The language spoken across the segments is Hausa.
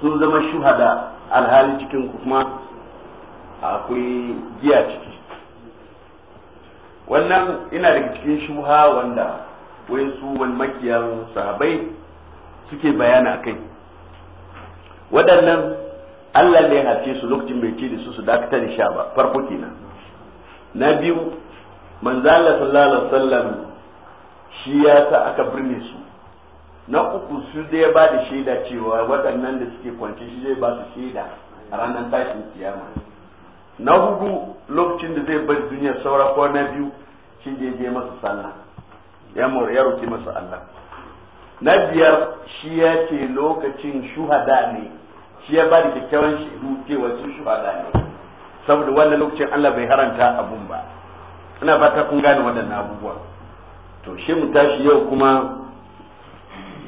sun zama shuhada alhali cikin kuma akwai giya ciki wannan ina daga cikin shuha wanda wayansu wani makiyar sahabai suke bayana kai waɗannan Allah ne ya hace su lokacin bai ce da su su dakata da sha ba farko kenan na biyu manzala sallallahu alaihi wasallam shi ya sa aka birne su na uku su zai ya ba da shaida cewa waɗannan da suke kwance shi zai ba su shaida a ranar tashin kiyama na hudu lokacin da zai bar duniya saura ko na biyu shi da je masa sallah ya roki masa Allah na biyar shi ya ce lokacin shuhada ne shi ya ba da kyakkyawan shaidu cewa su shuhada ne saboda wannan lokacin Allah bai haranta abun ba ina fata kun gane waɗannan abubuwa to shi mu tashi yau kuma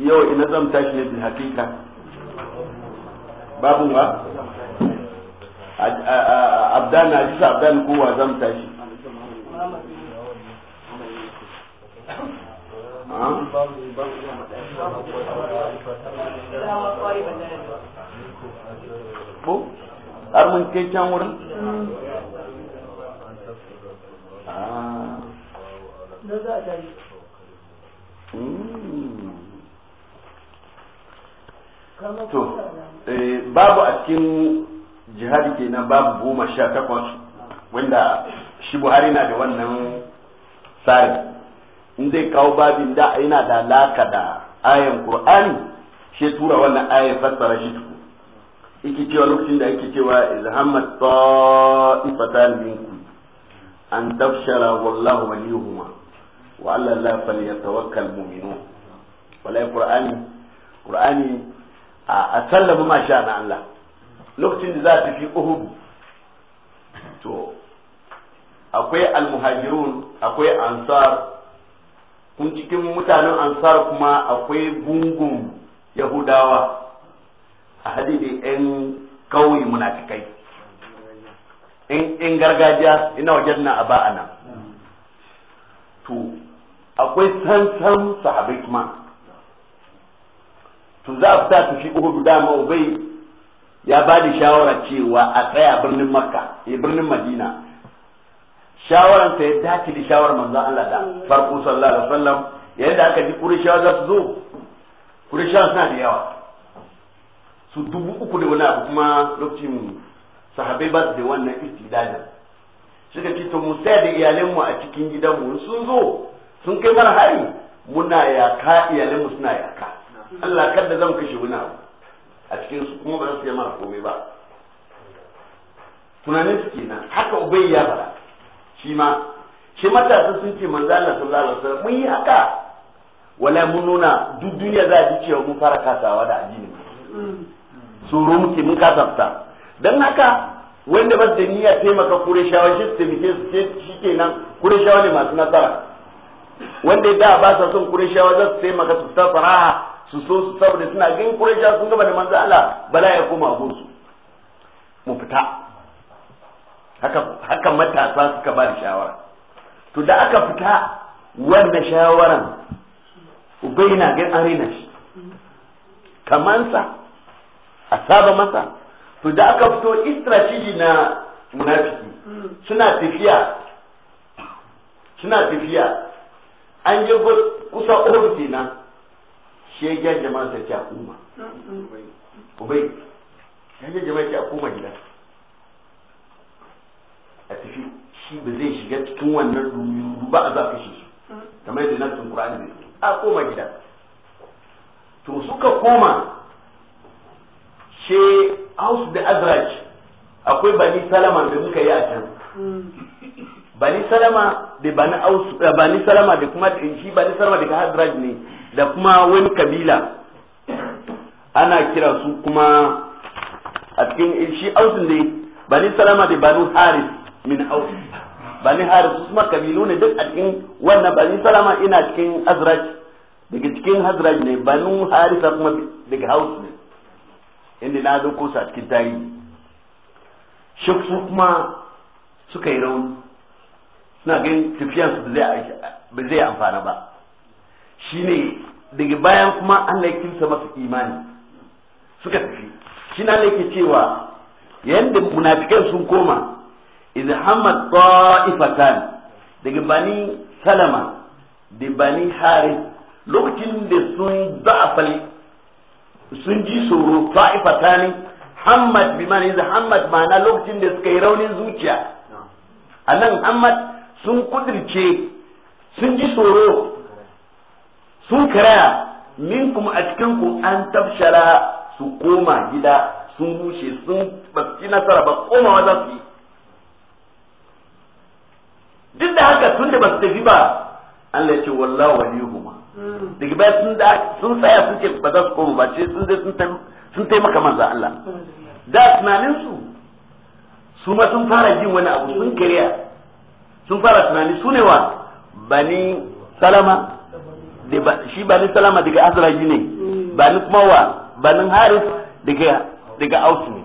yau ina zan tashi ne bil hakika babu ba abdan na jisa abdan kowa zan tashi ko har mun kai can wurin za a tashi to eh, babu a cikin jihadi kenan babu goma sha takwas wanda shi buhari na da wannan tsarin in zai kawo babin da yana da alaka da ayan qur'ani shi tura wannan ayan fassara shi tuku yake cewa lokacin da yake cewa izhammat ta'ifatan minkum an tafshara wallahu waliyuhuma wa alla la falyatawakkal mu'minun wallahi qur'ani qur'ani a sallama ma na Allah lokacin da za a tafi Uhud to akwai almuhajirun akwai ansar kun cikin mutanen ansar kuma akwai gungun yahudawa a hadi yan kauye munafikai in gargajiya ina wajen na a ba'ana to akwai sansan sahabai kuma to za a fita shi uhudu dama ubai ya ba da shawara cewa a tsaya birnin makka ya eh, birnin madina ta ya dace da shawarar manzon Allah da farko sallallahu alaihi wasallam yadda aka ji kurishawa za su zo kurishawa suna da yawa su dubu uku da wani abu kuma lokacin sahabai ba su da wannan istidadin suka ce to mu sai da iyalanmu a cikin gidanmu sun zo sun kai mara hari muna yaka iyalanmu suna yaka Allah kada zan kashe wani abu a cikin su kuma ba za su yi mara komai ba tunanin su kenan haka ubai ya fara shi ma shi matasa sun ce manzo Allah sallallahu alaihi wasallam mun yi haka wala mun nuna duk duniya za a ji cewa mun fara kasawa da addini tsoro muke mun kasafta dan haka wanda ba da niyya taimaka kureshawa shi su taimake su shi kenan kureshawa ne masu nasara wanda da ba sa son kureshawa za su taimaka su ta faraha su so su saboda suna ganin Quraysh sun gaba da manzo Allah bala ya koma gun mu fita haka haka matasa suka ba da shawara to da aka fita wannan shawaran ubai na ganin an shi, shi kamansa a saba masa to da aka fito strategy na munafiki suna tafiya suna tafiya an je kusa ofisi na shi ya gyan jama'a sai ce a kuma ubai ya gyan jama'a sai a kuma gida a tafi shi ba zai shiga cikin wannan rubu ba a za ka shi kamar yadda nan Qur'ani ne a koma gida to suka koma she house da azraj akwai bani salama da muka yi a can bani salama da bani aus eh, bani salama da kuma shi bani salama daga azraj ne da kuma wani kabila ana kira su kuma a cikin shi ausin ne bani salama da banu haris min aus bani haris su kuma kabilu ne duk a cikin wannan bani salama ina cikin azraj daga cikin hazraj ne banu harisa kuma daga haus ne inda na zo su a cikin tayi shi kuma suka yi rauni suna ganin tafiyansu ba zai amfana ba shine daga bayan kuma Allah ya kimsa masa imani suka tafi shi na yake cewa yadda munafikan sun koma idan hamad ta'ifatan daga bani salama da bani harin lokacin da sun za'afal sun ji tsoro ta'ifatani hamad bi mani hamad ma na lokacin da suka yi raunin zuciya a nan hamad sun kudirce sun ji tsoro sun karaya kuma a cikin ku an tafshara su koma gida sun rushe sun ba su nasara ba koma za su yi duk da haka tun da ba su tafi ba Allah ya ce wallahu huma daga baya sun da sun tsaya sun ce ba za su koma ba ce sun je sun sun taimaka manzo Allah da tunanin su su ma sun fara jin wani abu sun kariya sun fara tunani su ne wa bani salama shi ba ni salama daga azraji ne ba ni kuma wa ba ni haris daga daga ausu ne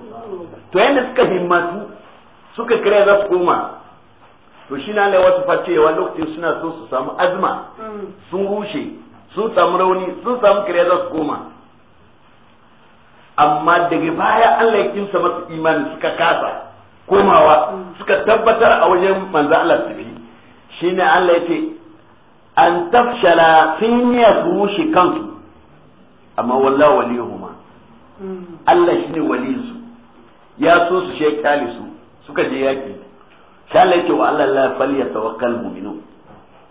to yanda suka himmatu suka kira za su koma to shi na lai wasu yawa lokacin suna so su samu azma sun rushe sun samu rauni sun samu kira za su koma amma daga baya Allah ya kimsa masu imani suka kasa komawa suka tabbatar a wajen manzo Allah su bi shine Allah ya ce an tafshala sun yi su rushe kansu amma wallah waliyuhuma Allah shine waliyinsu ya so su she kyale su suka je yaki sha Allah yake wa Allah la fal yatawakkal mu'minu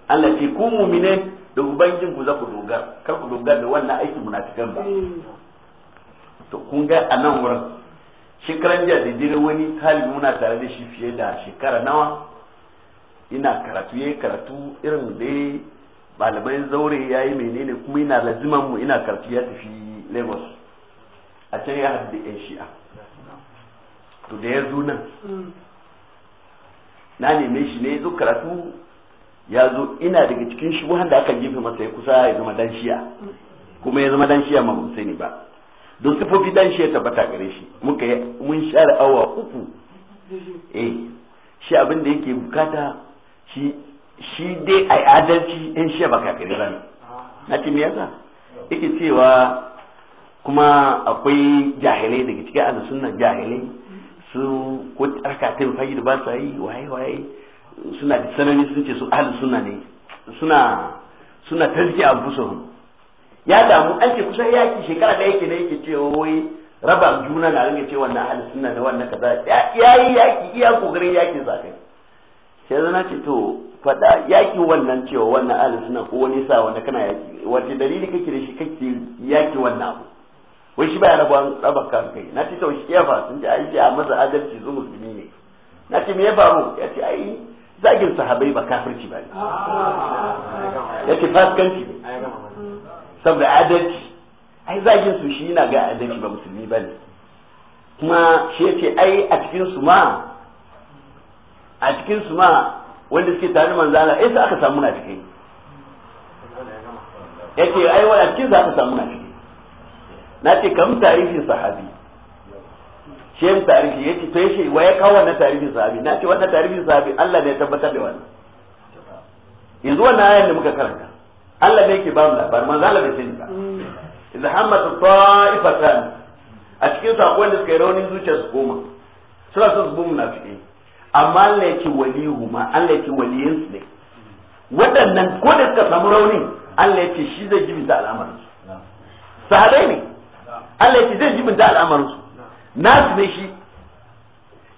Allah ce ku mu'mine da ubangijin ku za ku dogara kar ku dogara da wannan aikin munafikan ba to kun ga a nan wurin shekaran jiya da dire wani talibi muna tare da shi fiye da shekara nawa ina karatu yayi karatu irin da malamai zaure ya yi menene kuma ina lazimar mu ina karfi ya tafi lagos a can ya haddi yan shi'a to da ya zo nan mm. na neme shi ne zo karatu ya zo ina daga cikin shi da aka gefe masa ya kusa ya zama dan shi'a kuma ya zama dan shi'a ma mun sani ba don sifofi dan shi'a tabbata gare shi muka mun share awa uku eh shi abin da yake bukata shi shi dai a adalci in shi ba kafin ba ne na ce me yasa yake cewa kuma akwai jahilai daga cikin ahli sunna jahilai su ko tsarkatin fayyar ba su yi waye waye suna da sanani sun ce su ahli sunna ne suna suna a anfusuhum ya damu an ce kusan yaki shekara da yake da yake cewa wai raba juna na ringa ce wannan ahli sunna da wannan kaza yayi yaki iya kokarin yakin zakai sai zana ce to faɗa yaki wannan cewa wannan ahli suna ko wani sa wanda kana yaki wace dalili kake da shi kake yaki wannan abu wai shi baya raba raba kan kai na ce taushi ya fa sun ji ai sai a masa adalci zuwa musulmi ne na ce me ya faru ya ce ai zagin sahabbai ba kafirci ba ne ya ce fasikanci ne saboda adalci ai zagin su shi yana ga adalci ba musulmi ba ne kuma shi ya ce ai a cikin su ma a cikin su ma wanda suke tare da manzo Allah sai aka samu na cikin yake ai wala kin eh, za ka samu na cikin na ce kam tarihin sahabi shi yin tarihi ya ce to ya wa ya kawo wannan tarihin sahabi na ce wannan tarihin sahabi Allah ne ya tabbatar da wannan yanzu wannan ayan da muka karanta Allah ne yake ba mu labar manzo Allah bai sani ba idan hammat ta'ifatan a cikin sakon da suka yi raunin zuciya su goma suna son su bi munafiki amma Allah yake walihu ma Allah yake waliyin su ne waɗannan ko da suka samu rauni Allah yake shi zai da al'amarin su sahabai ne Allah yake zai da al'amarin su nasu ne shi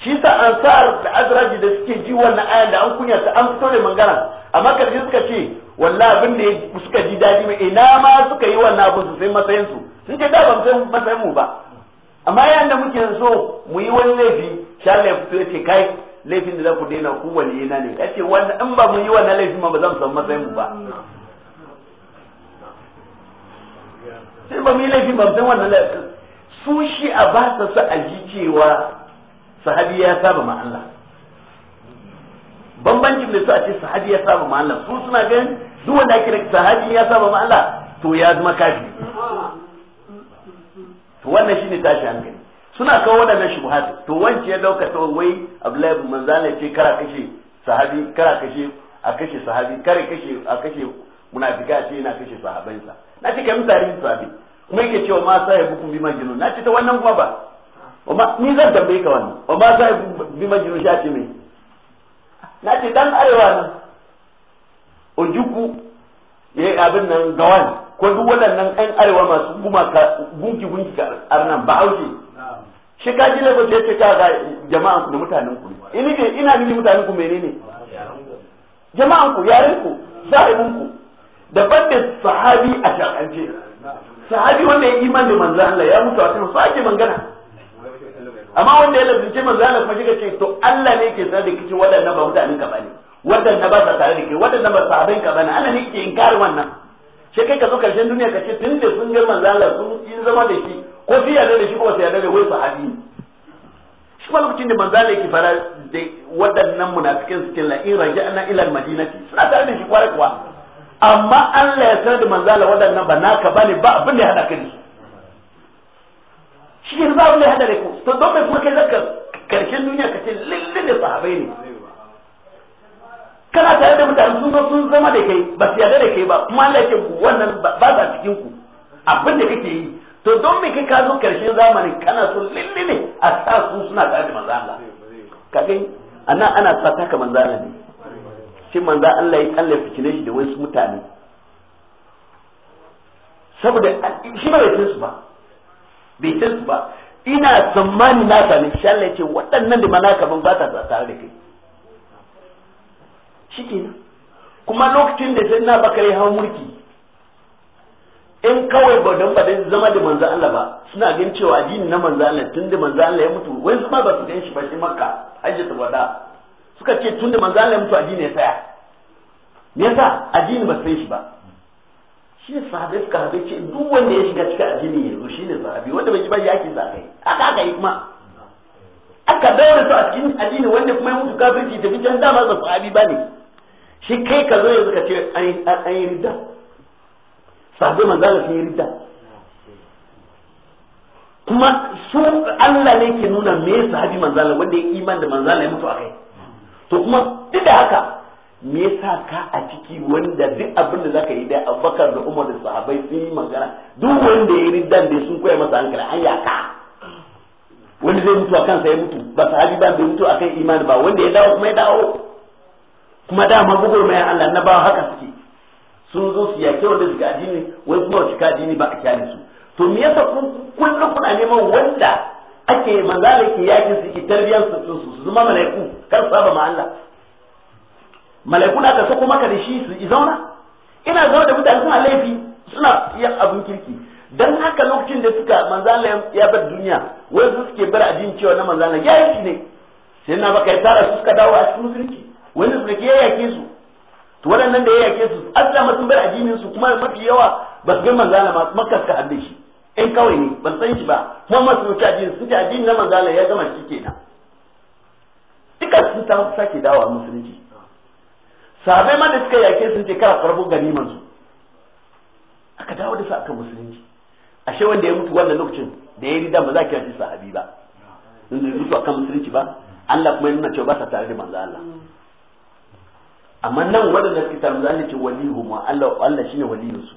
shi sa ansar da azraji da suke ji wannan ayan da an kunya ta an fito da mangara amma karshe suka ce wallahi abin da suka ji daɗi mai ina ma suka yi wannan abin su sai matsayin su sun ce da ban san matsayin mu ba amma yayin da muke so mu yi wani laifi sha Allah ya fito ya ce kai laifin da za ku daina ku na ne ce wanda in ba mu yi wannan laifin ma ba za mu samu matsayin mu ba sai ba mu yi laifin ba mu san wannan laifin su shi a ba sa su aji cewa sahabi ya saba ma Allah bambancin da su a ce sahabi ya saba ma Allah su suna ganin duk wanda ake da sahabi ya saba ma Allah to ya zama kafi to wannan shine tashi hankali suna kawo waɗannan shubuhat to wance ya dauka to wai Abdullahi bin Manzala ce kara kashe sahabi kara kashe a kashe sahabi kare kashe a kashe munafika ce yana kashe sahabansa na ce kai mutane sahabi kuma yake cewa ma sahibukum bi majnu na ce ta wannan kuma ba amma ni zan tambaye ka wannan amma sahibukum bi majnu shi ce me na ce dan arewa ne ojuku yayi eh, abin nan gawan ko duk waɗannan ɗan arewa masu gumaka gunki gunki arnan ba auke shi ka ba lagos ya ce ga jama'an ku da mutanen ku ina ne ina nuni mutanen ku menene jama'an ku yaren ku sahibin ku da da sahabi a shakance sahabi wanda ya imani manzo Allah ya mutu a cikin sake mangana amma wanda ya lalace manzo Allah kuma shiga ce to Allah ne ke sanar da kici wadannan ba mutanen ka bane wadannan ba sa tare da ke wadannan ba sahabin ka bane Allah ne ke inkari wannan sai kai ka zo karshen duniya ka ce tun da sun ga manzo sun yi zama da shi ko su yarda da shi ko su yarda da wai sahabi shi kuma lokacin da manzo Allah yake fara da waɗannan munafikan suke la in raja'na ila al-madinati suna tare da shi kwarai kuwa amma Allah ya sanar da manzala Allah waɗannan ba naka bane ba abin da ya hada kai shi ne ba abin da ya hada da ku to don me kuma kai zaka karshen duniya ka ce lalle da sahabai ne kana tare da mutane sun zo sun zama da kai ba su yarda da kai ba kuma Allah yake wannan ba za cikin ku abin da kake yi to don me kai ka zo karshen zamanin kana so lille a sa su suna tare da manzo Allah ka ga anan ana sa ta ka manzo Allah ne shin manzo Allah ya Allah fitine shi da wasu mutane saboda shi ba yake su ba bai su ba ina tsammani na sani shi Allah ya ce waɗannan da manaka ban ba ta tare da kai na kuma lokacin da sai na yi hawan mulki in kawai ba don ba zama da manzo Allah ba suna gan cewa addini na manzo Allah tun da manzo Allah ya mutu wai su ma ba su gan shi ba shi makka hajjatu wada suka ce tun da manzo Allah ya mutu addini ya tsaya me yasa addini ba san shi ba shi ne sahabai suka haɗe ce duk wanda ya shiga cikin addini yanzu shi ne sahabi wanda bai ba ya ake yi aka aka yi kuma aka da su a cikin addini wanda kuma ya mutu kafirci tafi can dama ba sahabi ba ne shi kai ka zo yanzu ka ce an yi ridda sahabi manzala sun yi ridda kuma su Allah ne ke nuna me sahabi manzala wanda ya iman da manzala ya mutu a kai to kuma duk da haka me yasa ka a ciki wanda duk abin da zaka yi da Abubakar da Umar da sahabbai sun yi magana duk wanda ya riddan da sun koya masa hankali an ka wanda zai mutu a kansa ya mutu ba sahabi ba bai mutu kan imani ba wanda ya dawo kuma ya dawo kuma dama gugurmaya Allah na ba haka suke sun zo su yake wanda suka addini wai kuma su ka addini ba a kyale su to me yasa kullum kuna neman wanda ake manzala ke yakin su ki tarbiyyar su su zama malaiku kar su saba ma Allah malaiku na ka sako maka da shi su zauna ina zama da mutane suna laifi suna yin abin kirki dan haka lokacin da suka manzala ya bar duniya wai su suke bar addini cewa na manzala ya yi ne sai na baka ya tara su suka dawo a cikin musulunci wanda su ke yake su to waɗannan da ya yake su ma sun bar addinin su kuma mafi yawa ba su ga manzala ma makka ka hadde shi in kawai ne ban san shi ba kuma masu wuce addini sun ce addini na manzala ya gama shi kenan duka sun ta sake dawa musulunci sahabai ma da suka yake sun ce kara farbo ganiman su aka dawo da su aka musulunci ashe wanda ya mutu wannan lokacin da ya yi ridan ba za ki kira sahabi ba in zai mutu akan musulunci ba Allah kuma ya nuna cewa ba sa tare da manzo Allah amma nan waɗanda suke taru da a ce waliyu ma Allah Allah shine wali su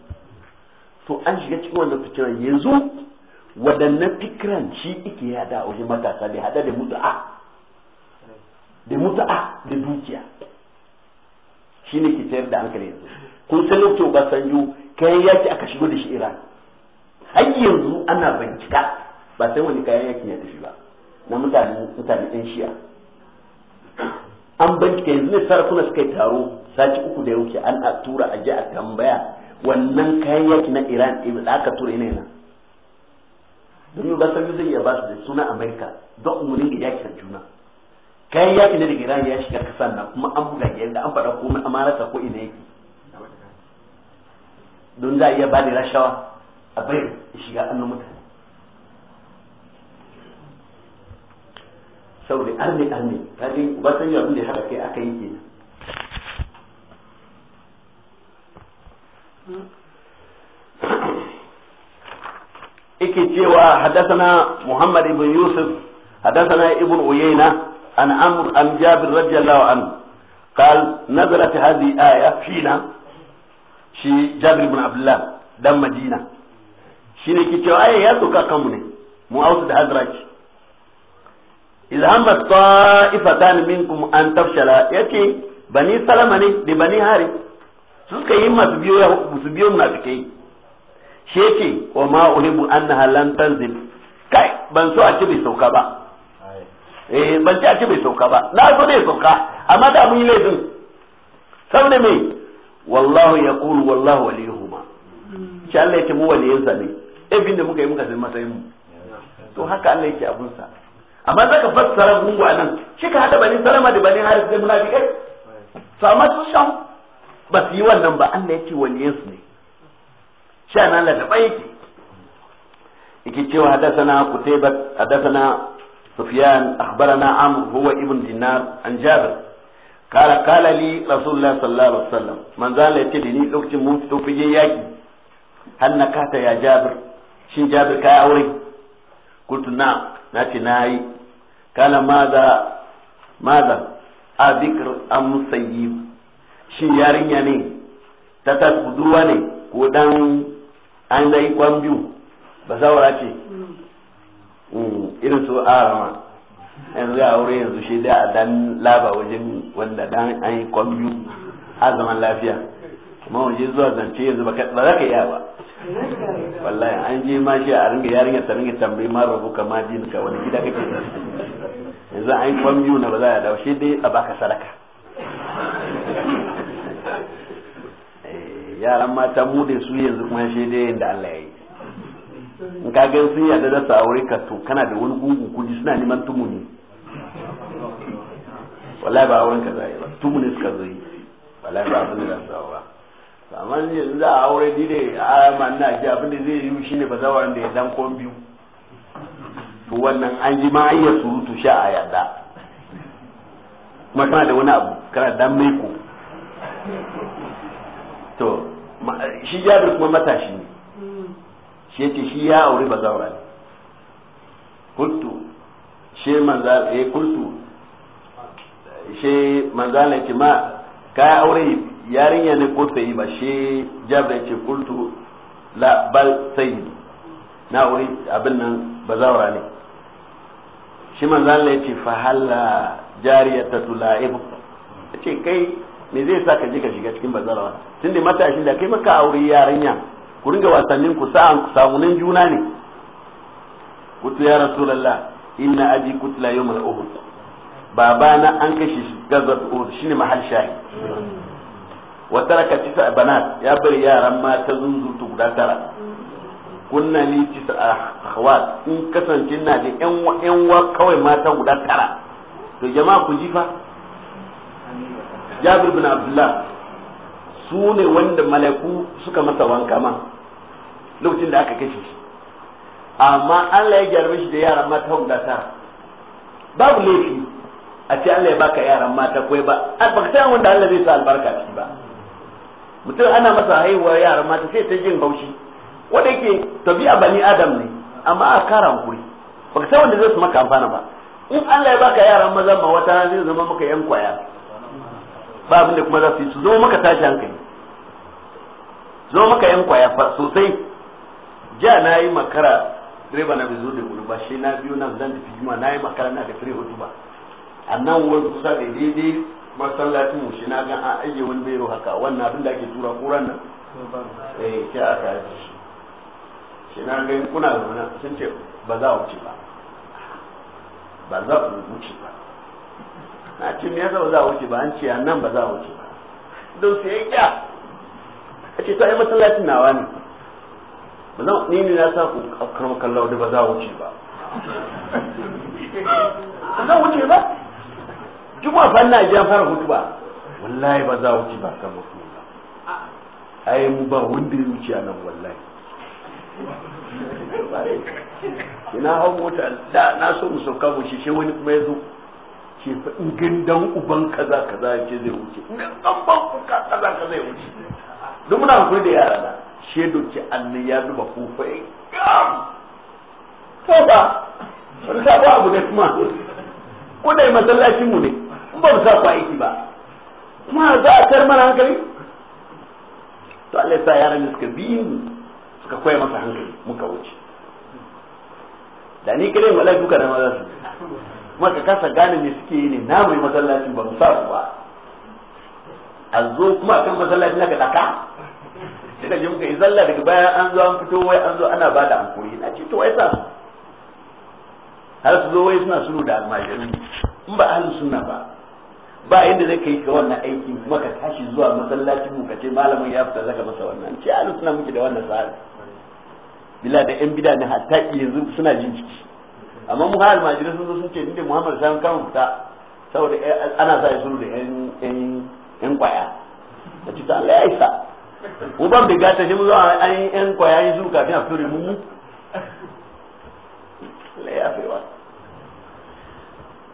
to an shiga cikin wannan fikiran yanzu waɗannan fikiran shi ike da wajen matasa da hada da mutu'a da mutu'a da dukiya shine ke tayar da hankali yanzu kun san lokacin Obasanjo kayan yaki aka shigo da shi Iran har yanzu ana bincika ba sai wani kayan yakin ya tafi ba na mutane mutane ɗan shi'a an bincika yanzu ne sarakuna suka yi taro sati uku da ya wuce an a tura a ji a tambaya wannan kayan yaki na iran ibi da aka tura na domin ba san zai iya ba su da suna amerika don umarni da yaki da juna kayan yaki na daga iran ya shiga kasa na kuma an buga yadda an faɗa komai amarata ko ina yake don za a iya ba da rashawa a bai shiga annan mutane saboda arne arne kaje ubasanyo abin da haka kai aka yi cewa hadathana Muhammad ibn Yusuf hadathana ibn Uyayna an Amr an Jabir radiyallahu anhu قال نزلت هذه آية فينا شي جابر بن عبد الله دم مدينة شي نكي تشو آية كمني مو izhamba ta'ifatan minkum an tafshala yace bani salama ne da bani hari suka yi masu biyo su biyo munafikai shi yace wa ma uhibbu annaha lan tanzil kai ban so a ce bai sauka ba eh ban ce a ce bai sauka ba na so dai sauka amma da mun yi laifin saboda me wallahu yaqulu wallahu waliyuhuma shi Allah yake mu waliyansa ne ibin da muka yi muka san matsayin mu to haka Allah yake abunsa amma zaka fassara gungu a nan shi ka hada bani salama da bani haris da munafikai eh? to amma su sham ba su yi wannan ba Allah yake ce waliyan su ne sha nan la daba yake yake cewa hadathana kutaybat hadathana sufyan akhbarana amr huwa ibn dinar an jabir kala kala li rasulullah sallallahu alaihi wasallam manzo Allah ya ce da ni lokacin mun fito fige yaki hannaka ta ya jabir shin jabir kai aure kutu na na ce na yi kala maza maza a zikir an musayi shi yarinya ne ta ta ne ko dan an zai kwan biyu ba saura ce irin su arama yanzu a wurin yanzu shi da a dan laba wajen wanda dan an yi kwan biyu a zaman lafiya ma zuwa zance yanzu ba za ka iya ba wallahi an je ma shi a ringa yarinya ta ringa tambayi ma rabu ka ma ka wani gida kake yanzu an yi kwamiyu na ba za a dawo shi dai a baka sadaka eh, yaran mata mu da su yanzu kuma shi dai yadda Allah ya yi in ka gan sun yarda da sa aure ka to kana da wani gungu kuji suna neman tumuni wallahi ba auren ka zai ba tumuni suka zo yi wallahi ba abin da za su ba. amma yanzu za a aure dai a man na ji abin da zai yi shi ne ba zawarin da ya dan kon biyu to wannan an ji ma iya surutu sha a yadda kuma tana da wani abu kana dan ko to shi jabir kuma matashi ne shi yace shi ya aure ba ne kultu she manza eh kultu she manzal ma kai aure yarinya ne ko sai ba shi jabra ce kultu la bal sai na wuri abin nan bazawara ne shi manzo ya ce fa halla jariyatatu la'ib ya ce kai me zai sa ka je ka shiga cikin bazawara da matashin da kai maka aure yarinya ku ringa wasannin ku sa'an ku samunin juna ne kutu ya rasulullah inna aji kutla yawmal uhud babana an kashi shi uhud shine mahal shahi wa taraka tisa bana ya bar yaran mata zunzutu guda tara kunna li tisa akhwat in kasance na da yan yan wa kawai mata guda tara to jama'a ku ji fa Jabir bin Abdullah su ne wanda malaku suka masa wanka ma lokacin da aka kashe shi amma Allah ya jarbe shi da yaran mata guda tara babu laifi a ce Allah ya baka yaran mata ko ba a baka wanda Allah zai sa albarka ciki ba mutum ana masa haihuwa yara mata sai ta jin haushi wanda yake tabi'a bani adam ne amma a kara hankuri baka san wanda zai su maka amfana ba in Allah ya baka yara maza ma wata zai zama maka yan kwaya ba abin da kuma za su yi su zama maka tashi hankali su zama maka yan kwaya sosai ja na yi makara direba na bizo da wuri ba shi na biyu na zan tafi juma na yi makara na da fure hutu ba a nan wurin kusa da daidai masallacin mu shi na ga a ajiye wani bairo haka wannan abin da ake tura kuran nan eh a aka yi shi shi na ga kuna zauna sun ce ba za wuce ba ba za ku wuce ba na ce me yasa ba za wuce ba an ce nan ba za wuce ba don sai ya a ce to ai masallacin nawa ne ba za ni ne na sa ku karma kallon da ba za wuce ba ba za wuce ba juma fa ina jiya fara hutuba wallahi ba za wuce ba kan mutu ai mu ba wanda ya wuce nan wallahi ina hau mota da na so mu sauka mu shi wani kuma ya zo ce fa in gindan uban kaza kaza ya ce zai wuce in gindan ban kuka kaza kaza ya wuce duk muna hankali da yara na She ce allah ya duba kofa ya gam to ba ta ba abu da kuma ko da masallacin mu ne in ba mu sa ku aiki ba kuma za a tar mana hankali to Allah ya sa yaran suka bi mu suka koya masa hankali muka wuce da ni kare wala duka da maza su maka kasa gane me suke yi ne na mai masallacin ba mu sa ku ba a zo kuma kan masallaci na daka sai da jin yi zalla daga bayan an zo an fito wai an zo ana bada hankuri na ce to wai sa har su zo wai suna suru da almajirin in ba ahlus sunna ba ba inda zai kai ka wannan aikin kuma ka tashi zuwa masallacin mu ka ce malamin ya fita zaka masa wannan ce ahlus sunna muke da wannan tsari bila da yan bida ne hatta yanzu suna jin ciki amma mu har almajirin sun zo sun ce inda Muhammad sai kan fita saboda eh, ana sa suru da yan yan yan kwaya a cikin Allah ya isa mu ban bigata ne mu zo an yan kwaya yin su kafin a fito da mu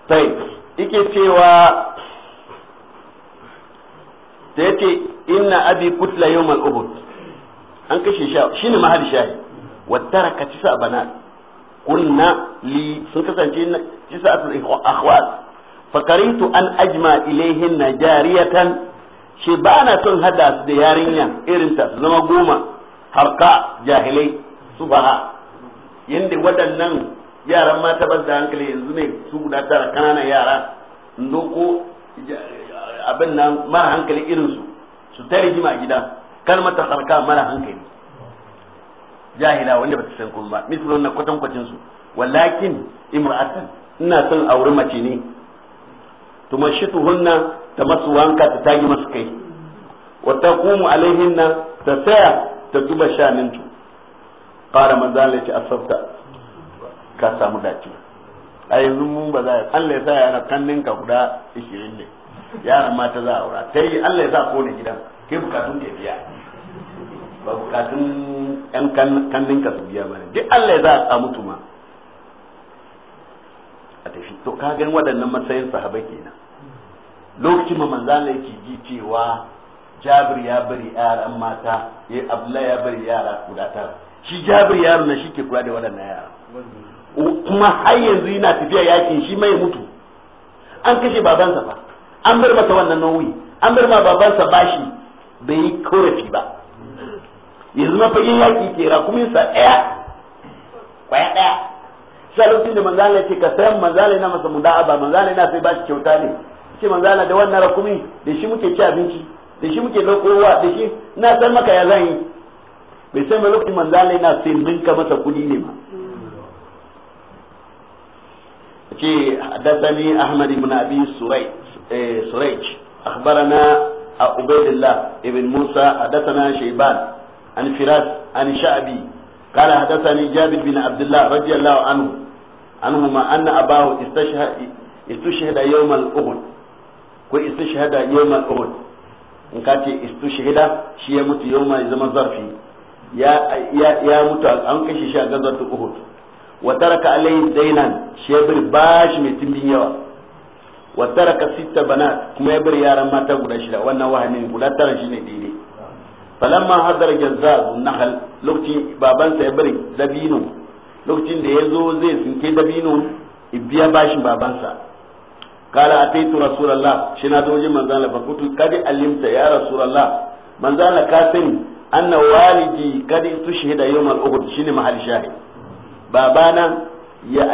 sai ike cewa da yake inna abi kutla mal ubud an kashe shi shine mahal shahi wa taraka tisa banat kunna li sun kasance tisa atul akhwat fa karitu an ajma ilayhinna jariyatan shi ba na son hada su da yarinya irin ta zama goma harka jahilai subaha yanda waɗannan yaran mata ba da hankali yanzu ne su guda tara kananan yara ndo ko abin nan mara hankali irin su su ta jima a gida kalmar ta harka mara hankali jahila wanda ba ta san kuma ba wannan na kwatan kwatin su walakin imra'atan ina son aure mace ne to mashituhunna ta masu wanka ta tagi masu kai wa taqumu alaihinna ta tsaya ta duba shanintu qala manzalati asfata asabta ka samu dace a yanzu mun ba za a Allah ya sa yara kannin ka guda 20 ne yara mata za a aura ta yi Allah ya sa kone gidan ke bukatun ke biya ba bukatun yan kannin ka su biya ba ne duk Allah ya za a samu tuma a tafi to ka gani waɗannan matsayin sahabai kenan lokacin ma manzana yake ji cewa jabir ya bari yaran mata ya abdullahi ya bari yara guda tara shi jabir yaran na shi ke kula da waɗannan yara kuma har yanzu yana tafiya yakin shi mai mutu an kashe babansa fa an bar masa wannan nauyi an bar ma babansa bashi bai yi korafi ba yanzu na fagen yaki ke rakuminsa ɗaya kwaya ɗaya sai lokacin da manzala ce ka san manzala yana masa muda'a ba manzala yana sai bashi kyauta ne ce manzala da wannan rakumi da shi muke ci abinci da shi muke lokowa da shi na san maka ya zan yi bai sai mai lokacin manzala yana sai ninka masa kuɗi ne ma ce haddani ahmad ibn abi suraij akhbarana ubaydillah ibn musa haddathana shayban an firas an sha'bi قال حدثني جابر بن عبد الله رضي الله عنه عنهما أن أباه استشهد استشهد يوم الأحد ko istishhada yawmal uhud in ka ce shi ya mutu yawma zama zarfi ya ya mutu an kashe shi a gazatu uhud wa taraka alayhi dainan shi ya bari bashi mai timbin yawa wa taraka sita bana kuma ya biri yaran mata guda shida wannan wahamin guda tara shine daidai falamma hadar jazzaz nahal lokacin babansa ya bari dabino lokacin da ya zo zai sinke dabino biya bashin babansa kala ataitu rasulullah shi na zo wajen manzon Allah fakutu kadi alimta ya rasulullah manzon Allah ka sani anna walidi kadi tushhida yawmal uhud shine mahal babana ya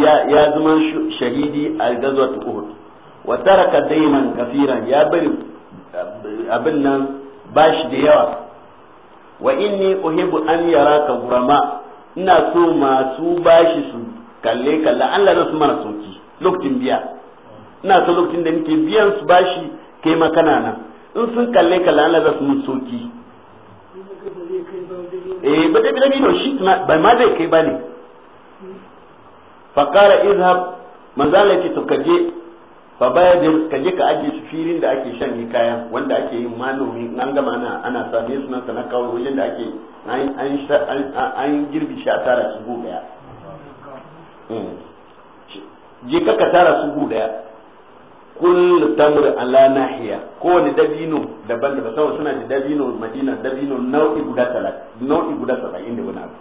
ya ya zama shahidi a gazuwar uhud wa taraka daynan kafiran ya bari abin nan bashi da yawa wa inni uhibbu an yaraka gurama ina so masu bashi su kalle kalle Allah na su mana sauki lokacin biya ina so lokacin da nake biyan su bashi kai ma kana nan in sun kalle kalle Allah za su mun sauki eh ba da bi da shi ba ma zai kai ba ne fakara izhab manzo Allah yake to kaje fa bayadir kaje ka aje shi filin da ake shan kaya wanda ake yin manomi nan gama ana ana same su nan sana kawo wajen da ake an an girbi shi a tara su go daya je ka ka tara su go daya kullu tamr ala nahiya kowane dabino daban daban saboda suna da dabino madina dabino nau'i guda 30 nau'i guda 70 inda wani abu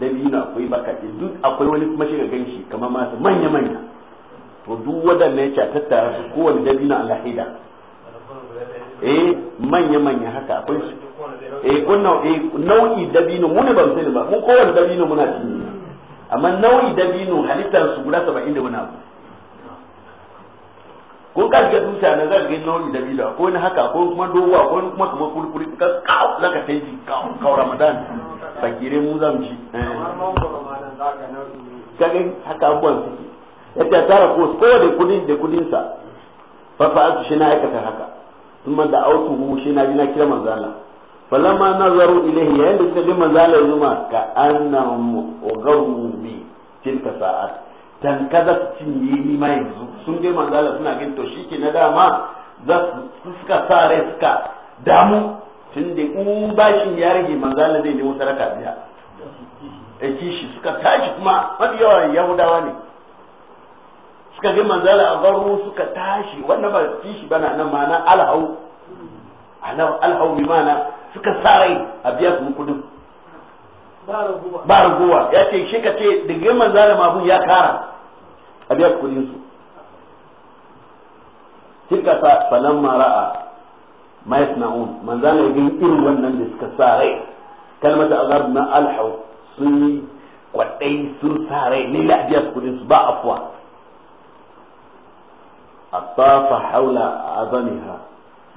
dabino akwai bakake duk akwai wani kuma shi ga ganshi kamar masu manya manya to duk wadannan ya tattara su kowane dabino Allah hida eh manya manya haka akwai su eh kunna eh nau'i dabino mu ne ba mu sani ba mu kowane dabino muna ci amma nau'i dabino halittar su guda 70 da wani abu kun ka ga dusa na zan ga nau'i dabino akwai wani haka akwai kuma dowa akwai kuma kuma kurkuri ka kawo zaka sai ji kawo Ramadan fakirin mu mu ci kaga haka abubuwan suke yadda tara ko kowa da kudin da kudin sa fa fa shi na aikata haka kuma da hu shi na ji na kira manzala falamma nazaru ilayhi yayin da suka ji manzala ya zuma ka annahum ugaru bi tilka sa'at dan kaza su cinye ni ma yanzu sun je manzala suna gin to shi ke na dama za su suka sa rai suka damu tun da in bashin ya rage manzo Allah zai nemo sadaka biya a kishi suka tashi kuma mafi yawa yahudawa ne suka ga manzo Allah a baro suka tashi wannan ba kishi bana nan ma'ana alhau alhau bi ma'ana suka sarai a biya su kudin ba raguwa ya ce shi ka ce daga manzo Allah mabun ya kara a biya su kudin su Kika sa falan mara'a ma yasna'un manzana ya gani irin wannan da suka sa rai kalmata azab na alhaw sun yi kwadai sun sa rai ne da biya su kudin su ba afwa asafa haula azamiha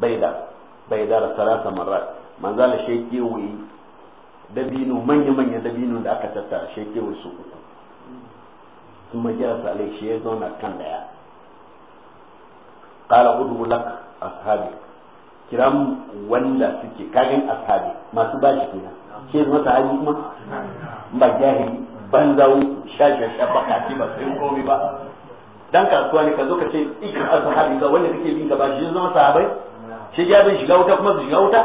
baida baida da salasa marat manzana sheke wuyi dabino manya-manya dabino da aka tattara su ya zauna kan daya قال ادعو لك اصحابك kiram wanda suke kagan ashabi masu ba shi kenan ke zama sahabi kuma ba jahili banzawo shashe shabaka ce ba sai komai ba dan kasuwa ne ka zo ka ce ikin ashabi ga wanda kake bin gaba shi zama sahabai shi ya bin shiga wuta kuma su shiga wuta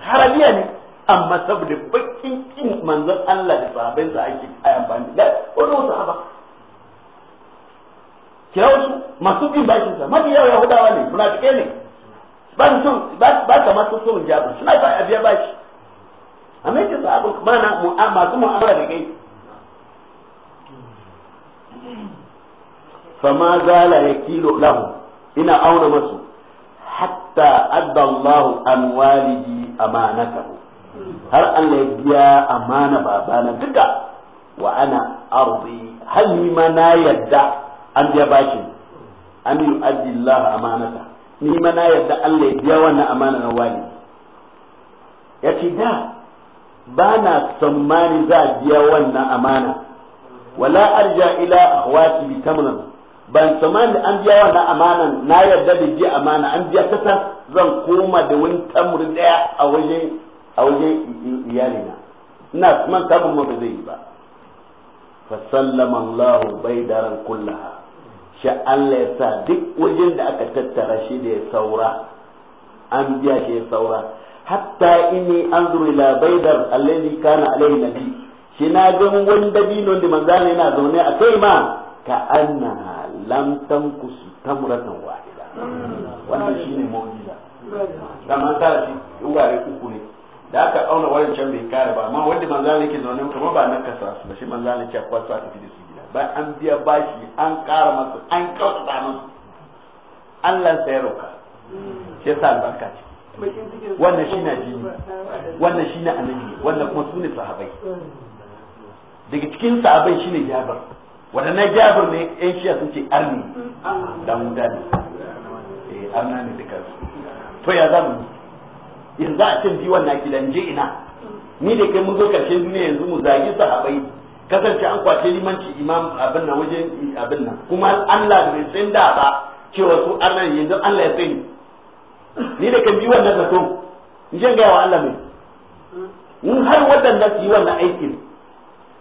harabiya ne amma saboda bakin kin manzon Allah da sahabai sa ake ayan bani da wannan sahaba kira wasu masu bin bakin sa mafi yawa yahudawa ne munafikai ne ban son ba ka masu son jabu suna ba a biya bashi a yake za a bin mana masu mu'amala da gai fama zala ya kilo lahu ina auna masu hatta adda an waliji amanaka har Allah ya biya amana babana duka wa ana arzi hal ma na yadda an biya bashin an yu'addi Allah amanatahu ni ma na yarda Allah ya biya wannan amana na wani ya ce da ba na tsammani za a biya wannan amana wala arja ila ahwati bi tamran ban tsammani an biya wannan amanan na yarda da ji amana an biya kasa zan koma da wani tamri daya a wajen a waje iyalina ina kuma tabin ma ba zai yi ba fa sallama Allahu baydaran kullaha shi Allah ya sa duk wajen da aka tattara shi da ya saura an biya shi ya saura hatta inni anzuru ila baydar alladhi kana alayhi nabi shi na ga wani dabino da manzo ne yana zaune a kai ma ka anna lam tankus tamratan wahida wannan shine mu'jiza da ta shi wurare uku ne da aka auna can bai kare ba amma wanda manzo yake zaune kuma ba nakasa su shi manzo yake ya kwasa tafi da su bai an biya bashi an ƙara masu an kyautata masu Allah sai roka shi yasa albarka ce wannan shi na jini wannan shi na annabi wannan kuma su ne sahabai daga cikin sahabai shi ne jabar na jabir ne yan shiya sun ce arni dan wuda ne eh, arna ne duka su to ya zamu yanzu a cin wannan gidan je ina ni da kai mun zo karshen duniya yanzu mu zagi sahabai kasance an kwace limanci imam abin nan waje abin nan kuma Allah bai tsin da ba cewa su Allah yanzu Allah ya tsini ni da kan bi wannan zato in je ga wa Allah mai in har wadanda su yi wannan aikin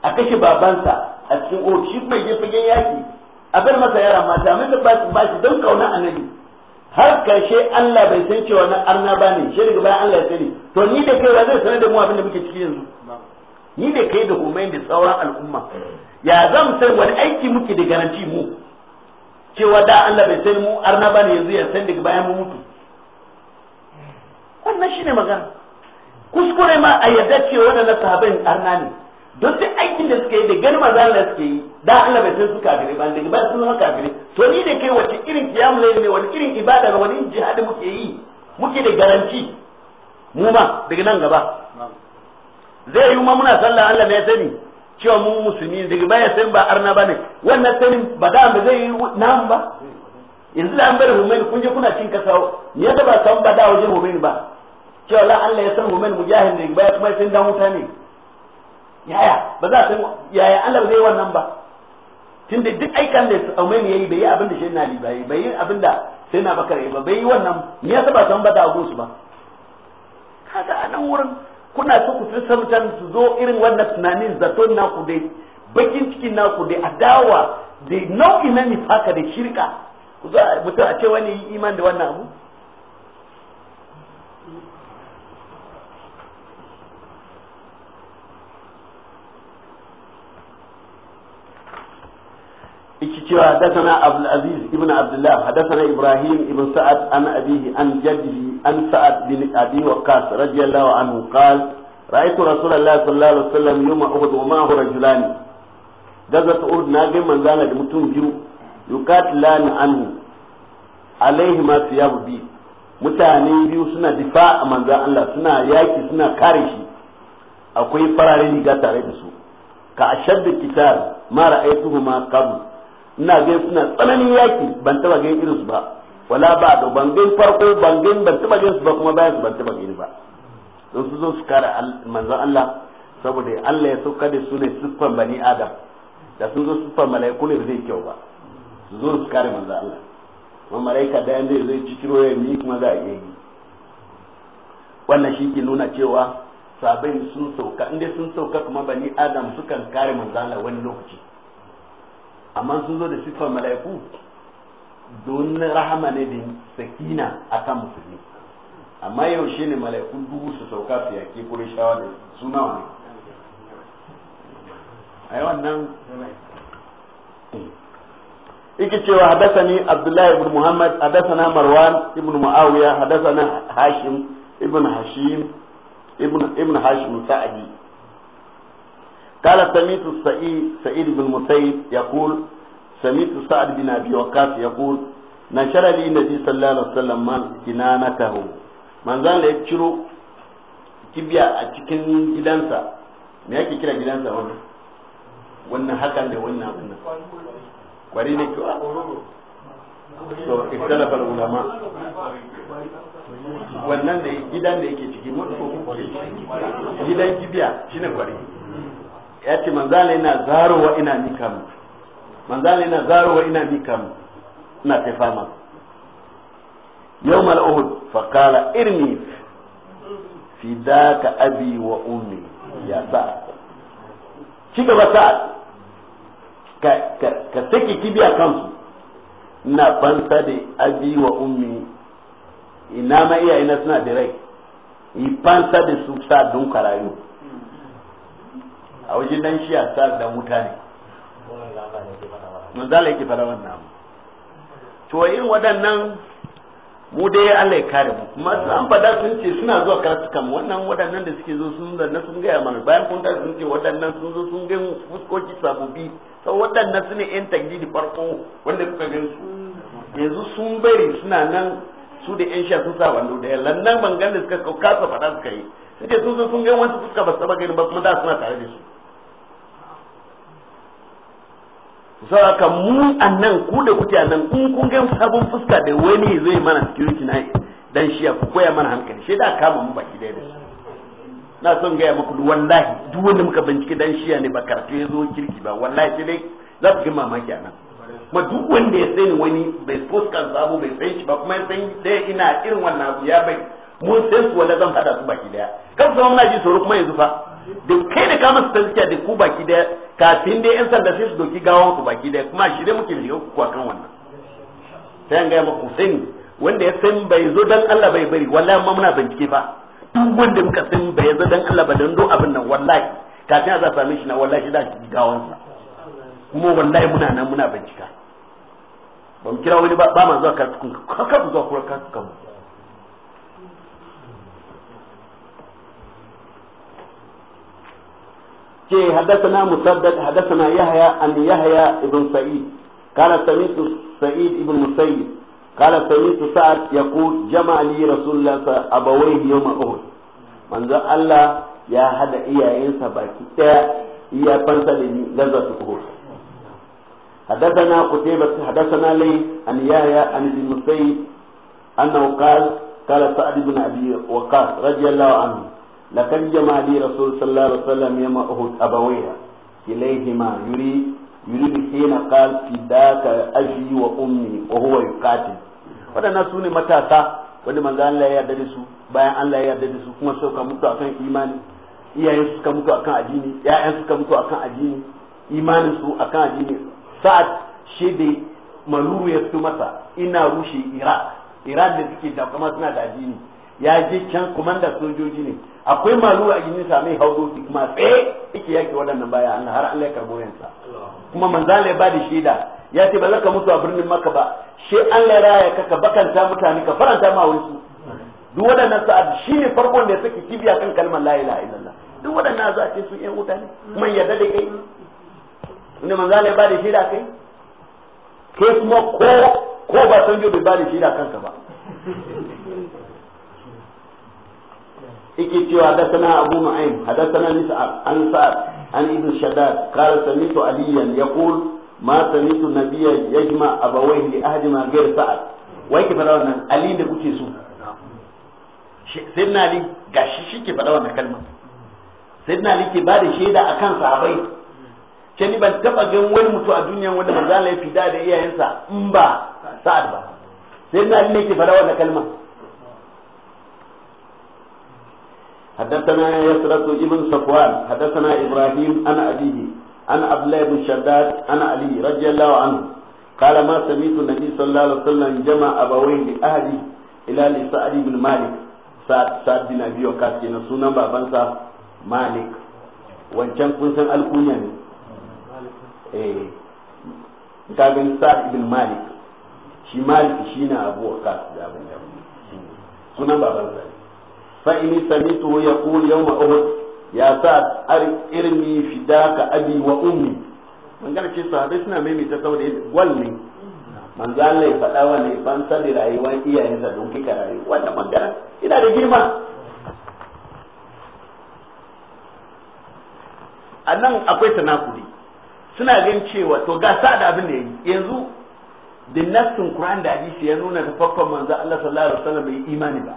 a kashe babansa a cikin o mai kuma je fagen yaki a bar masa yara mata mun da basu bashi don kauna annabi har karshe Allah bai san cewa na arna ba ne shi daga bayan Allah ya tsini to ni da kai wa zai sanar da mu abin da muke ciki yanzu ni da kai da Humain da sauran al'umma ya zan san wani aiki muke da garanti mu cewa da Allah bai san mu arna bane yanzu ya san daga bayan mu mutu wannan shine magana kuskure ma a yadda cewa wadannan sahabbai arna ne don duk aikin da suke yi da ganin manzo Allah suke yi da Allah bai san su kafire ba daga bayan sun zama kafire to ni da kai wace irin kiyam ne wani irin ibada wani jihad muke yi muke da garanti mu ma daga nan gaba zai yi ma muna sallah Allah mai sani cewa mu musulmi daga baya san ba arna ba ne wannan sanin ba da ba zai yi nan ba yanzu da an bar Humaini kun je kuna cin kasa me da ba san ba da wajen Humaini ba cewa la Allah ya san Humaini mujahid ne baya kuma san dan wuta ne yaya ba za san yaya Allah zai wannan ba tunda duk aikan da Humaini yayi bai yi abin da Shehu Ali bai bai yi abin da sai na bakar ba bai yi wannan me ya ba san ba da gunsu ba kada anan nan wurin kuna so ku tsisa mutane su zo irin wannan tunanin zaton naku dai bakin cikin naku dai adawa da nau'i na nifaka da shirka ku zo mutum a ce wani iman da wannan abu ikicewa hadathana abdul aziz ibn abdullah hadathana ibrahim ibn sa'ad an abihi an jaddihi an sa'ad bin abi waqas radiyallahu anhu qala رأيت رسول الله صلى الله عليه وسلم يوم أحد ومعه رجلان دزت أرد ناقي من ذلك متون يقاتلان عنه عليهما ثياب بي mutane biyu suna difa a manzan Allah suna yaki suna kare shi akwai fararen riga tare da su ka ashadda kitar mara aituhu ma ina ga suna tsananin yaki ban taba ga irin su ba wala ba da bangin farko bangin ban taba ga su ba kuma bayan su ban taba ga ba don su zo su kare manzon Allah saboda Allah ya sauka da su ne siffan bani Adam da sun zo siffan mala'iku ne zai kyau ba su zo su kare manzon Allah kuma mala'ika da yanda zai cikiro ya ni kuma za a yi wannan shi ke nuna cewa sabai sun sauka inda sun sauka kuma bani Adam sukan kare manzon Allah wani lokaci amma sun zo da siffar mala'iku don rahama ne da sakina akan musulmi amma yaushe ne mala'iku dubu su sauka su yaki kurishawa da suna wani a yi wannan yake cewa hadasani abdullahi ibn muhammad na marwan ibn muawiya hadasana hashim ibn hashim ibn ibn hashim sa'adi قال سميت السعيد سعيد بن مسيد يقول سميت سعد بن ابي وقاص يقول نشر لي النبي صلى الله عليه وسلم من كنانته من ذا لا يشرو كبيا a جدانسا gidansa يكي yake جدانسا gidansa وانا حقا hakan وانا وانا وانا nan kwari ne ulama wannan da gidan da yake ciki mutu gidan kibiya shine kwari ya ce manzala yana zarowa ina mika mu manzala yana zarowa ina mika mu ina ta fama yawmal uhud fa qala irmi fidaka abi wa ummi ya sa ci gaba sa ka ka ka saki kibiya kansu ina fansa da abi wa ummi ina ma iyayena suna da rai yi fansa da su sa don karayu a wajen dan shi a sa da mutane mun zala yake fara wannan abu to yin waɗannan mu dai Allah ya kare mu kuma an fada sun ce suna zuwa karatu kan wannan waɗannan da suke zo sun zanna sun gaya mana bayan kun tashi sun ce waɗannan sun zo sun gani fuskoki sabobi sau waɗannan su ne yan farko wanda kuka gan su yanzu sun bari suna nan su da yan sha sun sa wando da nan ban ganin suka kasa fada suka yi suke sun zo sun gani wani fuska ba su taba gani ba kuma da suna tare da su ka mu a nan ku da kuke nan in kun gan sabon fuska da wani zai mana security na dan shi ku koya mana hankali shi da kama mu baki da na son gaya muku wallahi duk wanda muka bincike dan shi ne ba karatu ya zo kirki ba wallahi sai dai za ku ga mamaki a nan ma duk wanda ya sani wani bai fuskar sabo bai san shi ba kuma ya san dai ina irin wannan abu ya bai mun san su wanda zan hada su baki daya kan zama muna ji tsoro kuma yanzu fa da kai da kama su tazkiya da ku baki daya kafin dai yan sanda sai su doki gawan ku baki daya kuma shi dai muke shiga ku akan wannan sai an gaya maku sani wanda ya san bai zo dan Allah bai bari wallahi amma muna bincike fa duk wanda muka san bai zo dan Allah ba dan do abin nan wallahi kafin a za same shi na wallahi da shi gawan sa kuma wallahi muna nan muna bincika ba mu kira wani ba ma zuwa ka kakar zuwa kasu kan mu ce haddasana musaddad haddasana yahya an yahya ibn sa'id kana samitu sa'id ibn musayyib kana samitu sa'ad yaqul jama'a li rasulullah abawayhi yawm uhud manzo Allah ya hada iyayensa baki daya iya fansa da ni lazatu uhud حدثنا قتيبة حدثنا لي عن يحيى عن ابن مسيب أنه قال قال سعد بن أبي وقاص رضي الله عنه لقد جمع لي رسول صلى الله عليه وسلم يوم أحد أبويها إليهما يريد يريد حين su ne matasa wanda manzo ya yarda da su bayan Allah ya yarda su kuma suka mutu akan imani iyayen suka mutu akan addini ƴaƴan suka mutu akan addini imanin su akan addini sa'ad shi da ya fito masa ina rushe Iraq Iran da suke da kuma suna da addini ya je can komanda sojoji ne akwai malu a gini mai hau ki kuma tsaye yake yake waɗannan baya Allah har Allah ya karbo yansa kuma manzala ya bada shaida ya ce ba za ka mutu a birnin maka ba shi Allah ya raya ka ka bakanta mutane ka faranta ma su duk waɗannan sa'ad shine farkon da kibiya kan kalmar la ilaha illallah duk waɗannan za ce su yan wuta ne kuma yadda da kai inda manzala ya bada shaida kai kai kuma ko ko ba san bai bada shaida kanka ba yake cewa hadathana abu nu'aym hadathana nis'ab an sa'ad an ibn shaddad qala sami'tu aliyan yaqul ma sami'tu nabiyya yajma abawayhi li ahdi ma ghayr sa'ad wai ke fada wannan ali da kuke so sayyidina ali gashi shi ke fada wannan kalma sayyidina ali ke bada shaida akan sahabbai ke ni ban taba gan wani mutu a duniya wanda manzo Allah ya fida da iyayensa in ba sa'ad ba sayyidina ali ne ke fada wannan kalma حدثنا يسرة ابن صفوان حدثنا إبراهيم أنا أبيه أنا عبد بن شداد أنا علي رضي الله عنه قال ما سمعت النبي صلى الله عليه وسلم جمع أبوين لأهلي إلى لسعد بن مالك سعد سعد بن أبي وقاص كنا سنة بابنسا مالك وانشان كنسا san alkunya ne سعد بن مالك شمال malik أبو malik shi na abu waqas fa in samitu yaqul yawma uhud ya sa irmi fidaka abi wa ummi magana ce sahabbai suna maimaita saboda gwal ne manzo ya faɗa wa ne ban sani rayuwar iyayensa don kika rayu wannan magana ina da girma a nan akwai tanakuri suna gan cewa to ga sa abin da yanzu da nassin Qur'an da hadisi ya nuna da tafakkar manzo Allah sallallahu alaihi wasallam bai imani ba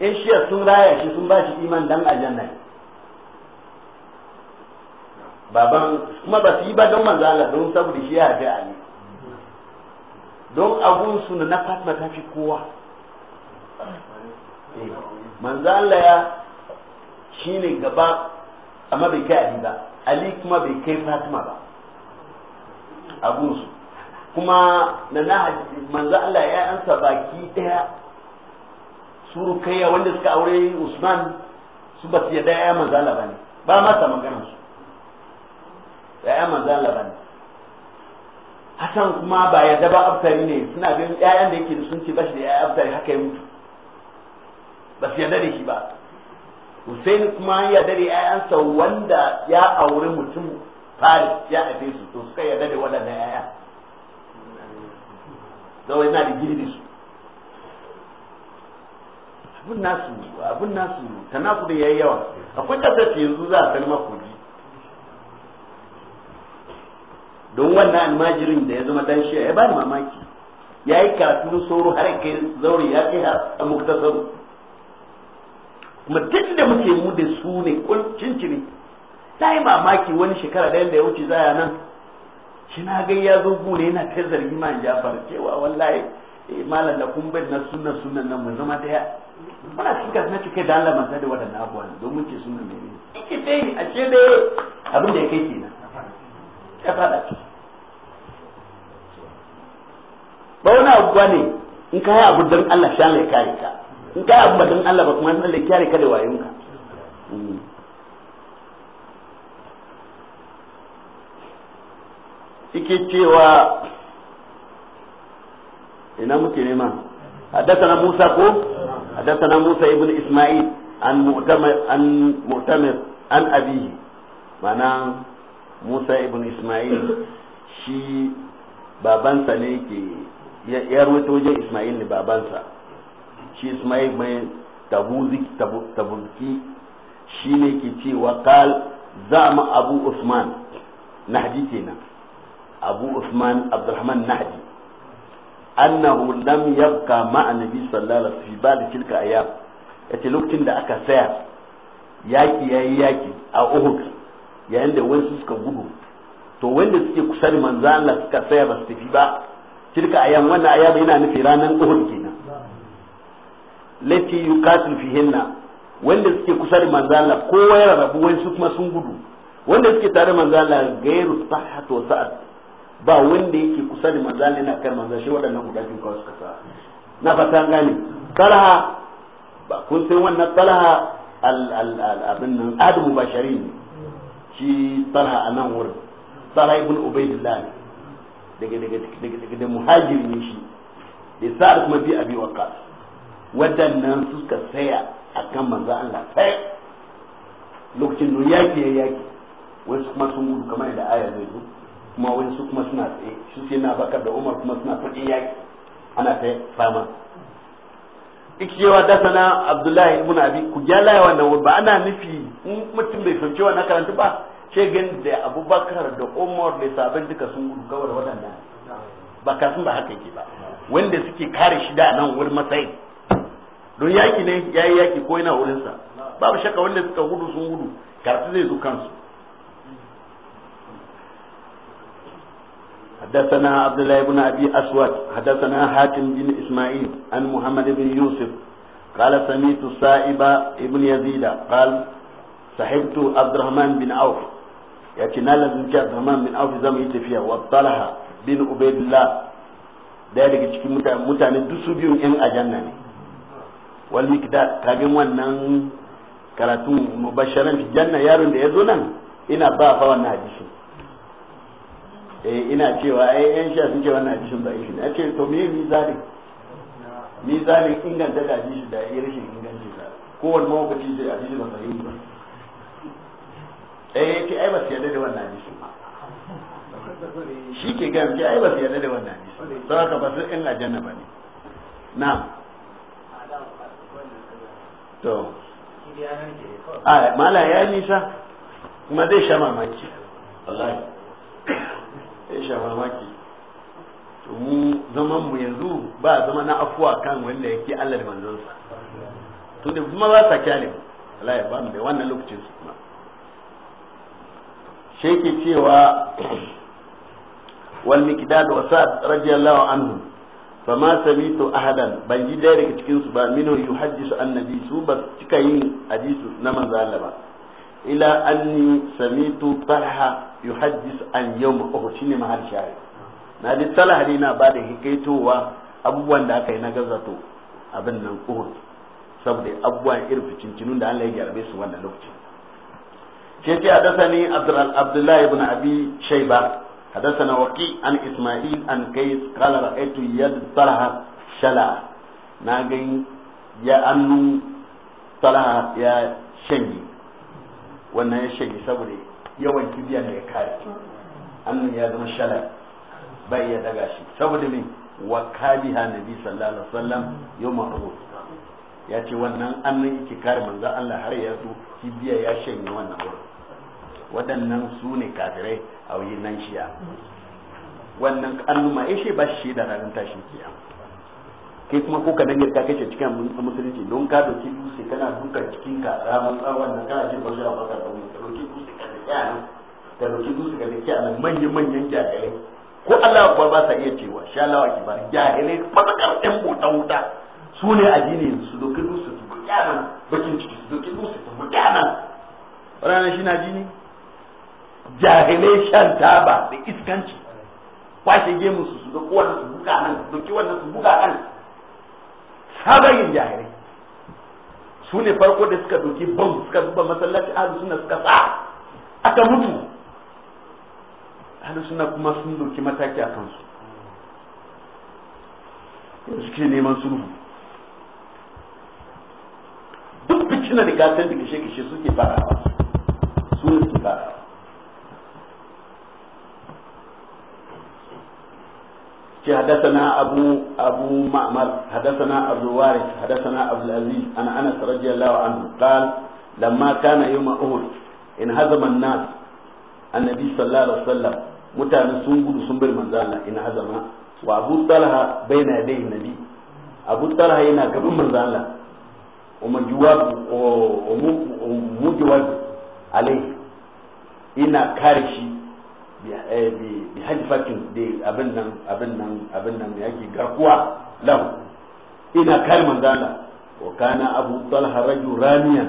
in shiya sun raya shi sun ba shi iman dan aljanna baban kuma ba su yi ba don manzo Allah don saboda shi ya ji ali don abun su na Fatima ta fi kowa eh, manzo Allah ya shine gaba amma bai kai Ali ba Ali kuma bai kai Fatima ba abun su kuma na na manzo Allah ya ansa baki daya su rukayya wanda suka aure usman su ba su yadda ya manzala ba ne ba ta magana su ya manzala ba ne hasan kuma ba yadda ba aftari ne suna ganin ƴaƴan da yake da sun ce ba shi da ƴaƴan aftari haka ya mutu ba su yadda da shi ba Hussein kuma ya dare da ƴaƴansa wanda ya aure mutum fari ya haife su to suka yadda da waɗannan ƴaƴan. Zawai na da girbi su. abun nasu abun nasu tanaku da yayi yawa akwai kasar yanzu za a kalma kogi don wannan almajirin da ya zama dan shi ya bani mamaki ya yi karatun sauro har kai zauri ya kai a muktasaru kuma duk da muke mu da su ne cincini ta yi mamaki wani shekara ɗaya da ya wuce zaya nan shi na ga ya zo gure yana kai zargi man jafar cewa wallahi eh, malam da kun na sunan sunan nan mu zama daya muna cikin na cike da Allah manta da waɗannan abubuwan don mun ce sunan mai ne ike dai a ce dai abin da ya kai kenan ya fada ce ba wani abubuwa ne in ka yi abu don Allah shan lai kare ka in ka yi abu don Allah ba kuma san lai kare ka da ka ike mm. cewa ina muke nema na musa ko. حدثنا موسى ابن اسماعيل عن مؤتمر عن مؤتمر عن ابيه معناه موسى ابن اسماعيل babansa ne ke ya rawaito wajen ismail ne babansa shi ismail mai tabuzuki shi ne ke cewa kal zama abu usman nahdi kenan abu usman abdurrahman nahdi annahu lam yabqa ma annabi sallallahu alaihi wasallam ba da tilka ayyam yace lokacin da aka saya yaki yayi yaki a Uhud yayin da wasu suka gudu to wanda suke kusa da manzo Allah suka saya ba su tafi ba tilka ayyam wannan ayyam ina nufi ranan Uhud kenan lati yuqatil fihinna wanda suke kusa da manzo Allah kowa ya rabu wasu kuma sun gudu wanda suke tare manzo Allah gairu sahhat wa sa'at ba wanda yake kusa da manzo Allah yana kan manzan shi waɗannan guda biyu kawai suka sa na fata gane talha ba kun san wannan talha al abin nan adamu bashari ne shi talha a nan wurin talha ibn ubaidillah daga daga daga daga da muhajiri ne shi da a kuma bi abi waqas waɗannan suka saya akan manzo Allah sai lokacin da yaƙi ya yaƙi wasu kuma sun gudu kamar da aya zai zo kuma wani su kuma suna tsaye su sai na bakar da umar kuma suna ya yaki ana ta fama cewa sana abdullahi ibn abi ku gyalaya wannan ba ana nufi mutum bai fahimci wannan karanta ba ce gan da abubakar da umar da sabon duka sun gudu kawar waɗannan ba kasin ba haka yake ba wanda suke kare shi da nan wurin matsayi don yaki ne ya yi yaki ko yana wurinsa babu shakka wanda suka gudu sun gudu karatu zai zo kansu حدثنا عبد الله بن ابي اسود حدثنا حاتم بن اسماعيل عن محمد بن يوسف قال سميت سائب ابن يزيد قال صحبت عبد الرحمن بن عوف يأتي نالا زنكي عبد الرحمن بن عوف زم يتفيا وطلح بن عبيد الله daya daga cikin mutane duk su biyun yan ajanna ne wal mikdad kagin wannan karatun mubasharan janna yaron da ya zo nan ina ba fa wannan hadisi eh ina cewa ai yan sha suke wannan hadisin ba shi na ce to me mizanin mizanin inganta da hadisi da ya rashin inganci da kowanne mawakaci sai hadisi ba sahihi ba eh ke ai ba su yarda da wannan hadisin ba shi ke gaya ke ai ba su yarda da wannan hadisi don haka ba su in aljanna ba ne na to a ah, mala ya nisa kuma zai sha mamaki wallahi ya sha maki to mu zaman mu yanzu ba zama na afuwa kan wanda yake Allah da sa to da kuma za ta kyale Allah ya ba mu da wannan lokacin su kuma sheki cewa wal miqdad wa sa'd radiyallahu anhu ma sabitu ahadan ban ji daya daga cikin su ba minhu yuhaddisu annabi su ba cika yin hadisu na manzo Allah ba ila anni samitu talha yuhaddis an yawm uhud shine mahal shari na da talha ne na bada hikaitowa abubuwan da aka yi na gazato abin nan uhud saboda abubuwan irin ficincinun da Allah ya gyarabe su wannan lokacin sai ce hadathani abdullahi ibn abi shayba hadathana waqi an isma'il an kais qala ra'aytu yad talha shala na ga ya annu talha ya shanye wannan ya shige saboda yawan kibiya da ya kare hannun ya zama shala ba iya daga shi saboda me wa kabiha nabi sallallahu alaihi wasallam yawma uhud ya ce wannan annan yake kare manzo Allah har ya zo kibiya ya shanye wannan wurin waɗannan su ne kafirai a wuyin nan shiya wannan annuma eh shi ba shi da ranar tashin kiyama kai kuma ko ka danganta kai shi cikin musulunci don ka doki dutse kana duka cikin ka ramar tsawon nan kana jin bauta ba ka dauki ka doki dutse ka da kyanan ka doki dutse ka da kyanan manyan manyan jahilai ko Allah akbar ba sa iya cewa sha Allah ba jahilai fadakar ɗan bota wuta su ne a jini su doki dutse su doki kyanan bakin ciki su doki dutse su doki kyanan ranar shi na jini jahilai shan taba da iskanci kwashe gemu su su doki wannan su buga nan su doki wannan su buga nan sabayin jahilai su ne farko da suka doki bom suka zuba masallaci ahalus suna suka sa aka mutu ahalus suna kuma sun doki mataki a kansu yanzu suke neman sulhu duk fitina da gasar da kishe-kishe suke fara su ne suke fara. ce hadathana abu abu ma'mar hadathana abu waris hadathana abu aziz ana anas radiyallahu anhu qala lamma kana yawm uhud in hazama an-nas annabi sallallahu alaihi wasallam mutane sun gudu sun bar manzo Allah in hazama wa abu talha baina yadayhi nabi abu talha yana gaban manzo Allah alai ina kare shi Eh, bi halifatin da abin nan abin nan abin nan ya ke garkuwa lahu ina kar manzala wa kana abu talha rajul ramiya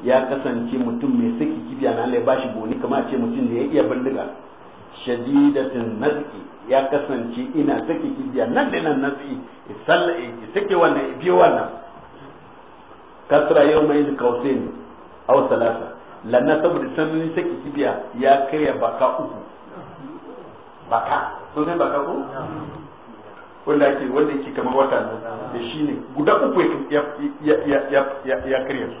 ya kasance mutum mai saki kibiya na Allah bashi goni kamar ce mutum da ya iya bindiga shadidatin naski ya kasance ina saki kibiya nan da nan ya sake wannan biyo wannan kasra yau mai kausain aw salasa lanna saboda sanin saki kibiya ya karya baka uku baka sun sai baka ko wanda ake wanda yake kamar wata nan da shi ne guda uku ya karya su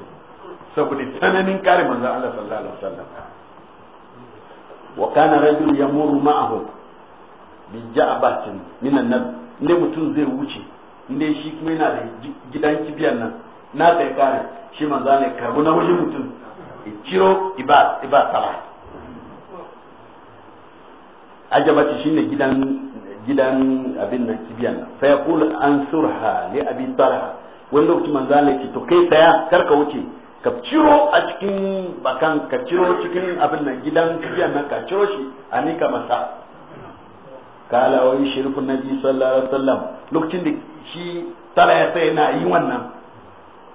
saboda tsananin kare manzan Allah sallallahu alaihi wasallam wa kana rajul yamuru ma'ahu bi ja'batin min annab ne mutum zai wuce inda shi kuma yana da gidan kibiyan nan na sai kare shi manzo ne karbu na wajen mutum ciro iba iba salat ajabati shine gidan gidan abin da kibiyan fa yaqul ansurha li abi talha wani lokaci manzo Allah ce to kai tsaya kar ka wuce ka ciro a cikin bakan ka ciro cikin abin nan gidan kibiyan nan ka ciro shi a nika masa kala wa shirku nabi sallallahu alaihi wasallam lokacin da shi tara ya tsaya na yi wannan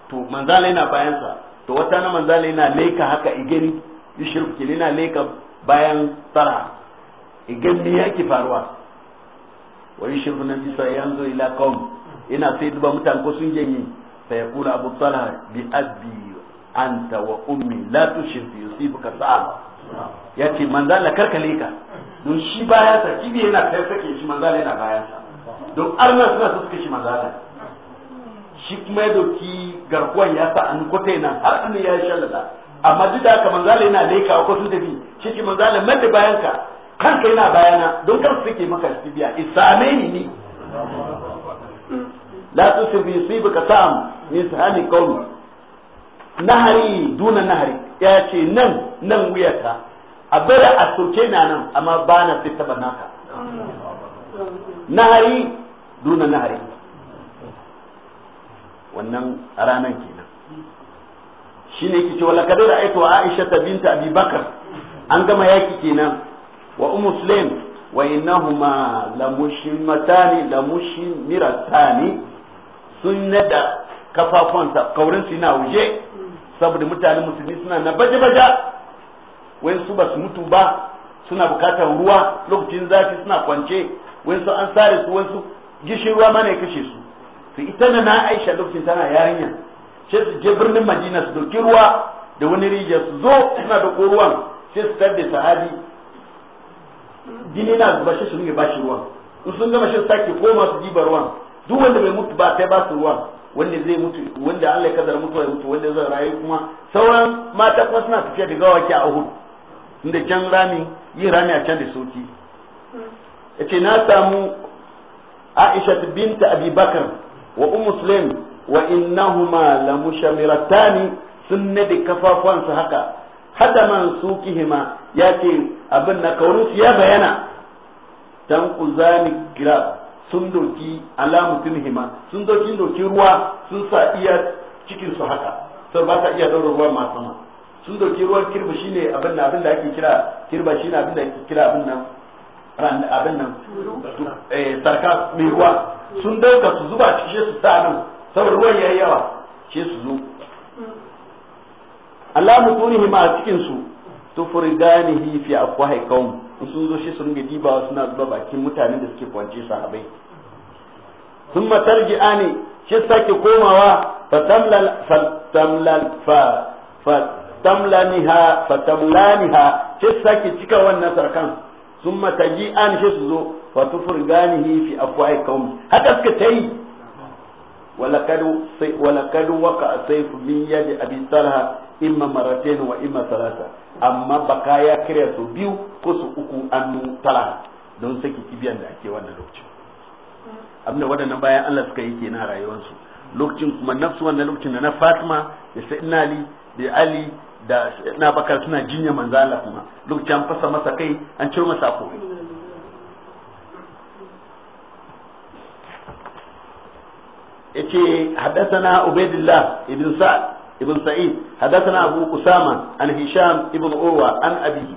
to manzo Allah yana bayan sa to wata na manzo Allah yana leka haka igeni yushirku kilina leka bayan tara idan me yake faruwa wani shirku nan bisa zo ila kawun ina sai duba mutane ko sun janye fa ya kula abu talha bi abi anta wa ummi la tushir bi yusibuka sa'ab yace manzo Allah karkale ka don shi baya sa kibi yana sai sake shi manzo yana bayan sa don arna suna su suke shi manzo shi kuma ya doki garkuwan ya sa an kote nan har an ya shalala amma duk da haka manzo yana leka ko sun tafi shi ki manzo Allah mai bayan ka kanka yana bayana don kan suke maka sibiya isame ni ne la bi ka sam min sahani qawmi nahari duna nahari ya ce nan nan wuyata a bari a soke na nan amma ba na fi taba naka nahari duna nahari wannan ranar kenan ce yake kadai da aito Aisha ta binta Abi an gama yaki kenan wa ummu sulaim wa innahuma lamushimatani lamushiratani sun nada kafafunsa kaurin su na waje saboda mutanen musulmi suna na baje-baje wayan su ba su mutu ba suna bukatar ruwa lokacin zafi suna kwance wayan su an sare su wayan su gishin ruwa ma ne kashe su su ita na na aisha lokacin tana yarinya sai su je birnin madina su doki ruwa da wani rijiya su zo suna da ruwan sai su tarbe sahabi jini na zuba shi su ba shi ruwan in sun gama shan sake ko masu jiba ruwan duk wanda bai mutu ba sai ba su ruwan wanda zai mutu wanda Allah ya kaddar mutu ya mutu wanda zai rayu kuma sauran mata kuma suna tafiya da gawaki a Uhud inda can rami yi rami a can da soki yace na samu Aisha binta Abi Bakar wa Ummu Sulaim wa innahuma lamushamiratani sun nade kafafuwansu haka hada man sukihima ya ce abin na kaurinsu ya bayana dan kuzani gira sun doki alamutun hima sun doki doki ruwa sun sa iya cikin su haka sai ba ka iya daura ruwa ma sama sun doki ruwan kirba shine abin da abin da ake kira kirba shine abin da ake kira abin nan ran abin nan eh sarka mai ruwa sun dauka su zuba cikin su sa nan saboda ruwan yayi yawa ce su zo ala mutunihim a cikin su tufriganihi fi afwahi qaum in sun zo shi sun gidi ba suna zuba bakin mutanen da suke kwance sahabbai thumma tarji'ani shi sake komawa fatamlal fatamlal fa fatamlaniha fatamlaniha shi sake cika wannan sarkan thumma taji'ani shi su zo fatufriganihi fi afwahi qaum haka suka tayi ولقد ولقد وقع سيف من يد ابي طلحه imma maratain wa imma salasa amma baka ya kira su biyu ko su uku an tara don saki kibiyan da ake wannan lokacin abinda wadannan bayan Allah suka yi kenan rayuwarsu lokacin kuma nafsu wannan lokacin da na Fatima da Sayyidina Ali da Ali da na bakar suna jinya manzo Allah kuma lokacin an fasa masa kai an ciro masa ko yace haddathana ubaidillah ibn sa'd ابن سعيد حدثنا أبو أسامة عن هشام ابن عروة عن أبيه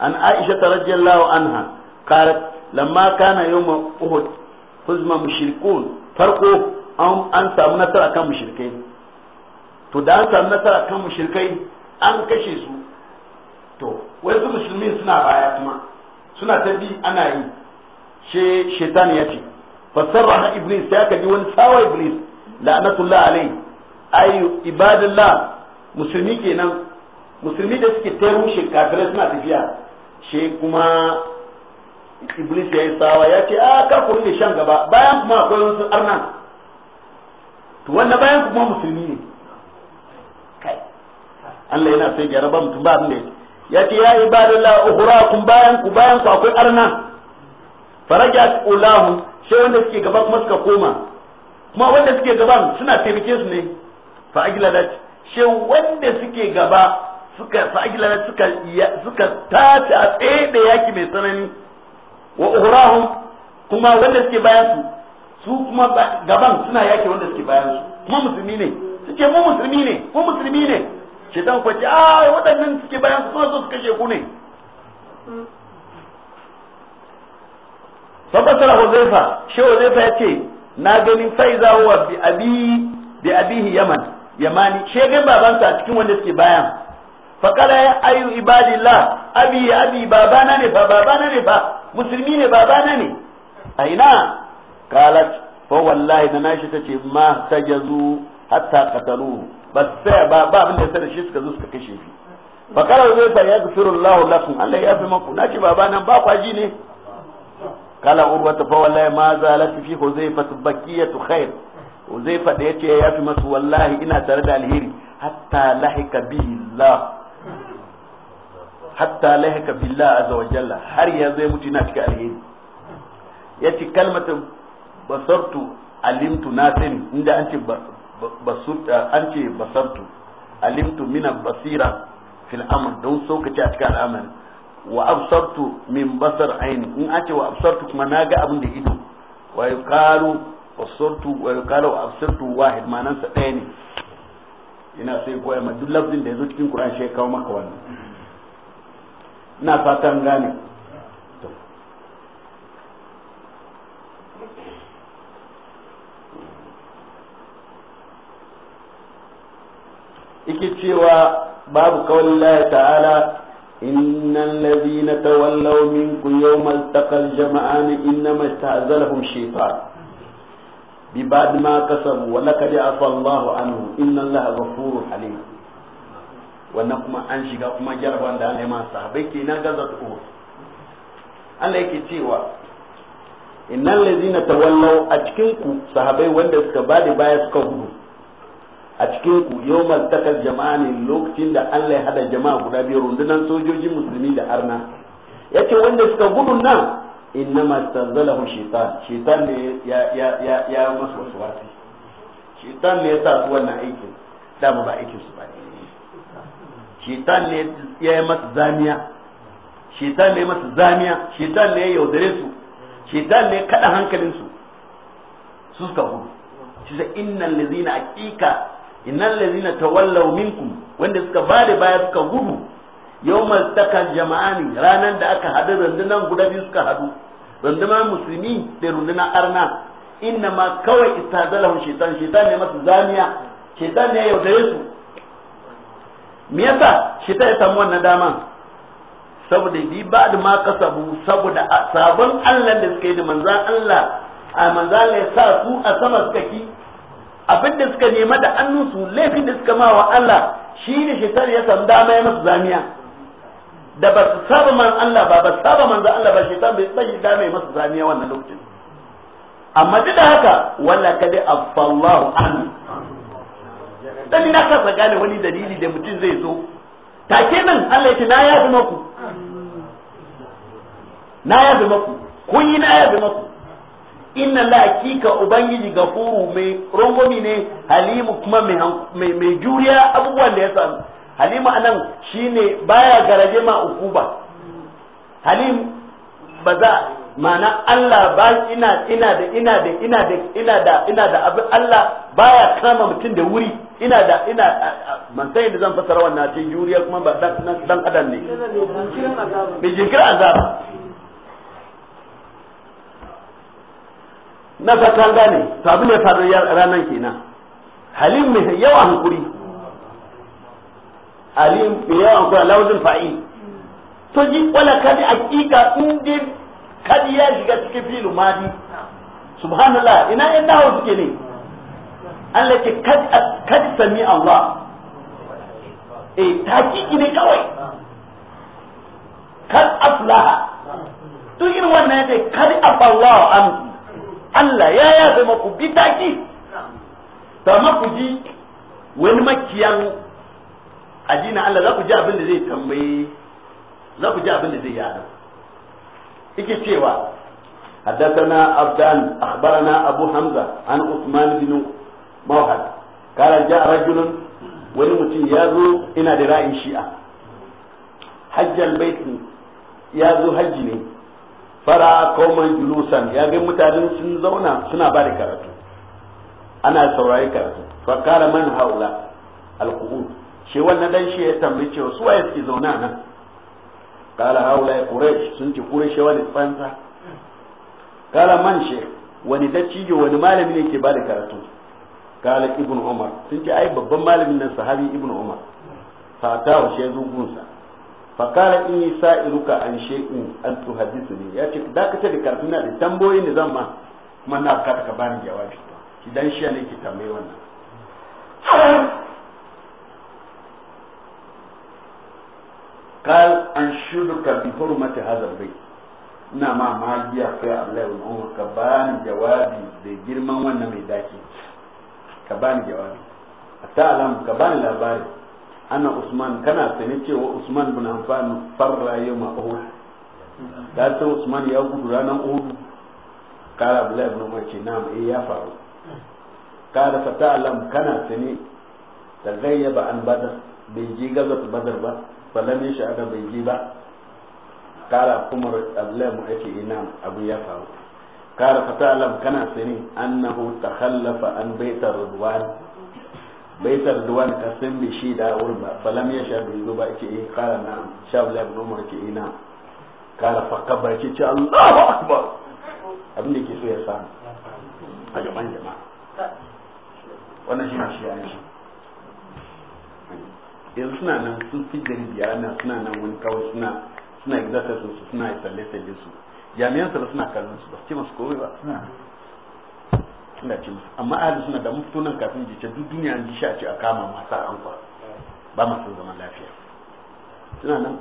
عن عائشة رضي الله عنها قالت لما كان يوم أحد حزم مشركون فرقوا أم أن سامو نصر كم مشركين to da an samu nasara kan mushrikai an kashe su to wasu musulmi suna baya kuma suna ta bi ana yi she shaitan ya ce fasarra iblis ya kaji wani sawa iblis la'anatullah alai ayi ibadallah musulmi kenan musulmi da suke ta rushe kafirai suna tafiya she kuma iblis ya yi tsawa ya ce a ah, ka ku rike shan gaba bayan kuma akwai wasu arnan to wannan bayan kuma musulmi ne kai Allah yana sai gyara ba mutum ba abin da ya ce ya ibadallah kun bayan ku bayan ku akwai arnan faraja ulahu shi wanda suke gaba kuma suka koma kuma wanda suke gaban suna taimake su ne fa aglalat wanda suke gaba suka fa aglalat suka suka tace a tsaye da yaki mai tsanani wa uhrahum kuma wanda suke bayan su su kuma gaban suna yaki wanda suke bayan su kuma musulmi ne suke mu musulmi ne mu musulmi ne shedan dan ce a waɗannan suke bayan su suna so su kashe ku ne fabasara huzaifa shi huzaifa ya ce na ganin fa'iza wa bi abi bi abihi yaman yamani shegen babansa a cikin wanda suke bayan fakala ya ayu ibadillah abi abi babana ne fa babana ne fa musulmi ne babana ne a ina fa wallahi ta ma tajazu hatta bas sai abin da sai shi suka zo suka kashe shi fakala zai fa yaghfirullahu lakum Allah ya fi nace babana ba kwaji ne kala urwata fa wallahi ma zai faɗa ya ce ya fi masu wallahi ina tare da alheri hatta lahika billah hatta lahika billah azza wa jalla har ya zai mutu ina cikin alheri ya ci kalmatin basartu alimtu na sani inda an ce an ce basartu alimtu mina basira fil amr don saukace a cikin al'amari wa absartu min basar aini in an ce wa absartu kuma na ga abin da ido wa yuqalu absurtu qala absurtu wahid manan sa ɗaya ne ina sai koya ma duk lafzin da yazo cikin Qur'an shi kawo maka wannan ina fatan gane Iki cewa babu kawalin Allah ta'ala innal ladhina tawallaw minkum yawmal taqal jama'an innama ta'zalahum shaytan ببعد ما كسبوا ولقد عفى الله عنهم إن الله غفور حليم wannan kuma an shiga kuma jaraban da Allah sahabai masa sahabbai kenan gaza ta Allah yake cewa innal ladzina tawallaw a cikin ku sahabbai wanda suka bada baya suka gudu a cikin ku yawmal takal jama'ani lokacin da Allah ya hada jama'a guda biyu rundunan sojojin musulmi da arna yace wanda suka gudu nan innama tanzalahu shaitan shaitan ne ya ya ya ya masu wasu wasu shaitan ne ya sa su wannan aikin da ba aikin su ba shaitan ne ya yi masa zamiya shaitan ne ya masa zamiya shaitan ne ya yaudare su shaitan ne ya kada hankalin su su suka gudu shi sai innal ladzina aqiqa innal ladzina tawallaw minkum wanda suka bada baya suka gudu yau maltakan jama'ani ranar da aka haɗu rundunar guda biyu suka haɗu rundunar musulmi da rundunar arna inna ma kawai istazalahun shaitan shaitan ne masu zaniya shaitan ne ya da su me yasa shaitan ya samu wannan dama saboda bi ba da ma kasabu saboda sabon Allah da suka yi da manzan Allah a manzan ne sa su a sama suka ki abin da suka nema da annunsu laifin da suka ma wa Allah shi ne shaitan ya samu dama ya masu zaniya da ba su saba man Allah ba ba su saba manzo Allah ba shi bai tsayi da mai masa zaniya wannan lokacin amma duk da haka wala kadi afallahu an dan ina ka gane wani dalili da mutum zai zo take nan Allah ya ce na yafi maku na yafi maku kun yi na yafi maku inna la hakika ubangiji gafuru mai rungumi ne halimu kuma mai juriya abubuwan da ya samu halim anan shine baya garaje ma uku ba halim ba za ma'ana Allah ba ina ina da ina da ina da ina da ina da abu Allah baya kama mutum da wuri ina da ina man sai da zan fasara wannan ce juriya kuma ba dan dan adam ne bi jinkir azaba na fatan gane to abin da faru ranan kenan halim mai yawa hankuri alim bi yawan kuna lawzul fa'i to ji wala kadi hakika in kadi ya shiga cikin filu madi subhanallah ina yan dawo suke ne Allah ke kadi sami Allah eh takiki ne kawai kad aflaha to irin wannan yake kad afallahu an Allah ya ya zama ku bi taki ta amma ji wani makiyan addinin na Allah za ku je abin da zai tambayi, za ku je abin da zai yaɗa. Iki cewa. Haddasa na Abudani, Abu Hamza, an Usman zinubu mawakan. Kada a ja rajulun wani mutum ya zo ina da rayuwanshi'a. Hajji Al-baitu ya zo Hajji ne fara koman luwutsan, ya ga mutanen sun zauna, suna ba da karatu, ana saurayi karatu. Fakkara man hau la shi wannan dan shi ya tambayi cewa su waye suke zaune nan kala haula quraish sun ci quraish wani tsanta kala man shi wani dattijo wani malami ne ke bada karatu kala ibn umar sun ce ai babban malamin nan sahabi ibn umar fata wa shi zugunsa fa kala in sa'iluka an shay'in an tuhaddithuni ya ce dakatar da karatu na da tambayoyin da zan ma kuma na bukata ka bani jawabi shi dan shi ne ke tambayi wannan قال أنشدك بحرمة هذا البيت نعم ما جي أخي الله ونعوه كبان جوابي دي جرما وانا ميداكي كبان جوابي أتعلم كبان لاباري أنا عثمان كان سنتي وعثمان بن عفان فر يوم أهود da ta Usman ya gudu ranar Uhud kara Abdullahi ibn Umar ce na'am eh ya faru kara fata alam kana sani da بدر an badar bai je ne shi shahada bai ji ba kara kuma abdullahi mu ake ina abu ya faru kara fata alam kana sani annahu takhallafa an baitar ridwan baitar ridwan ka san bi shi da wurin ba falam ya shahada bai zo ba ake yi eh, kara na sha abdullahi mu umar ina eh, kara fakka ba ke ce Allahu akbar abin da ke so ya samu a jama'an jama'a wannan shi ne shi ya yi yanzu suna nan sun fi gari biyar nan suna nan wani kawai suna suna exercise su suna tsalle-tsalle su jami'an tsaro suna kallon su ba su ce masu kowai ba suna ce masu amma ahli suna da mun fito nan kafin jice duk duniya an ji shi a ce a kama masu an kwa ba masu zaman lafiya suna nan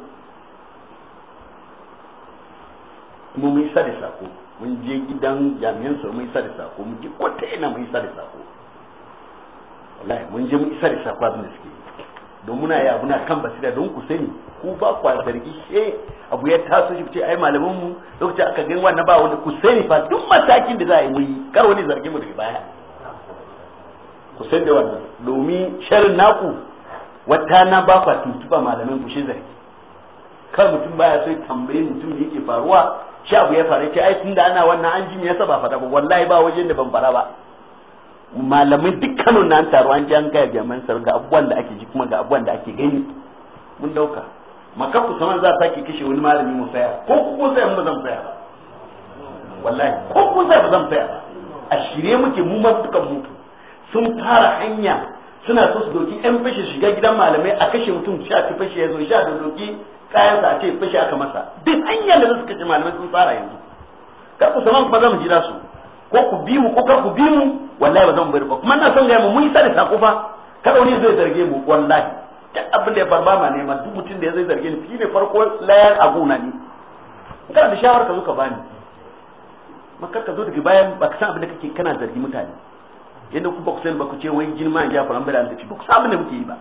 kuma mun sa da sako mun je gidan jami'an tsaro mai sa da sako mun je kwata yana mai sa da sako wallahi mun je mun isa da sako abin da suke don muna yi abu na kan basira don ku sani ku ba ku zargi she abu ya taso shi ce ai malamin mu lokacin aka gan wannan ba wani ku sani fa duk matakin da za a yi muyi kar wani zargi mu daga baya ku sani da wannan domin sharrin naku wata na ba ku tuntuba malamin ku shi zargi kar mutum baya sai tambaye mutum da yake faruwa shi abu ya faru ce ai tunda ana wannan an ji me yasa ba fada ba wallahi ba wajen da ban fara ba malamai dukkanin na an taru an ji an gaya jami'an tsaro ga abubuwan da ake ji kuma ga abubuwan da ake gani mun dauka maka ku saman za a sake kashe wani malami mu saya ko ku saya mu zan saya ba wallahi ko ku saya ba zan saya ba a shirye muke mu ma suka mutu sun fara hanya suna so su doki yan fashe shiga gidan malamai a kashe mutum sha ta fashe ya zo sha da doki kayansa a ce fashe aka masa duk hanyar da suka ce malamai sun fara yanzu kar ku saman kuma za mu jira su ko ku bi mu ko kar ku bi mu wallahi ba zan bari ba kuma ina son ga mu mun isa da sako fa kada wani zai zarge mu wallahi duk abin da ya farba ma neman duk mutum da ya zai zarge ni shi ne farko layar a gona ne kada da shawara ka zo ka bani makar ka zo daga bayan ba ka san abin da kake kana zargi mutane yadda ku ba ku san ba ku ce wai jin ma ya faran bala da ba ku san abin da muke yi ba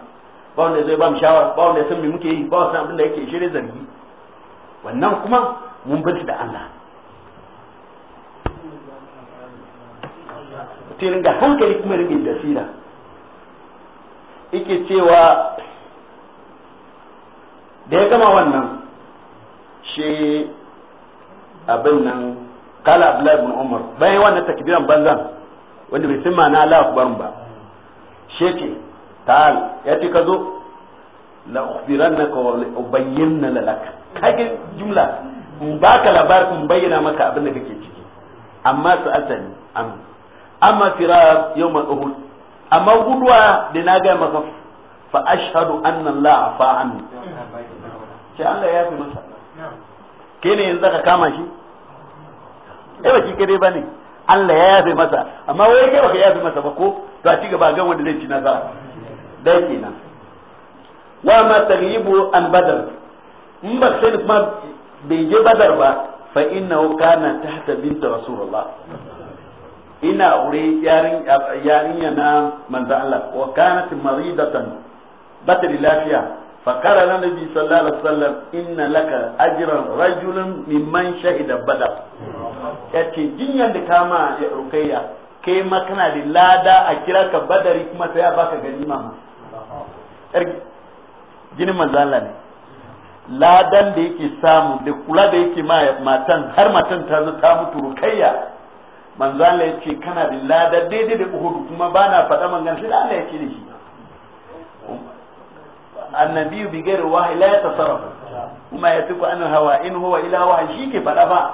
ba wanda zai ba mu shawara ba wanda ya san me muke yi ba wanda san abin da yake shirye zargi wannan kuma mun bar da Allah sai ringa hankali kuma ringa dasira yake cewa da ya gama wannan shi abin nan kala abdullahi ibn umar bayan wannan takbiran banzan wanda bai san ma'ana Allah akbar ba sheke ta'al ya ce ka zo la ukhbirannaka wa ubayyana lak kage jumla in baka labarin bayyana maka abin da kake ciki amma su asali amin amma firar yau matsahud amma guduwa da na gaya masa fa ashhadu anna Allah fa anni ce Allah ya fi masa ke ne yanzu ka kama shi eh baki kare bane Allah ya yafe masa amma wai kai baka yafe masa ba ko to a cigaba gan wanda zai ci nasara dai kenan wa ma taghibu an badar in ba sai kuma bai je badar ba fa innahu kana tahta binta rasulullah ina aure yarinya na manzo Allah wa kanat maridatan bata da lafiya fa qala lana nabi sallallahu alaihi wasallam inna laka ajran rajulun mimman shahida badar yace jinyan da kama ya rukayya kai ma kana da lada a kira ka badari kuma sai ya baka ganima ma jinin manzo Allah ne ladan da yake samu da kula da yake matan har matan ta zo ta mutu rukayya manzo Allah ya ce kana da lada daidai da Uhud kuma ba na faɗa mangan sai Allah ya ce da shi annabi bi ghairi wahyi la yatasarrafu kuma ya tuku an hawa in huwa ila wahyi shi ke faɗa ba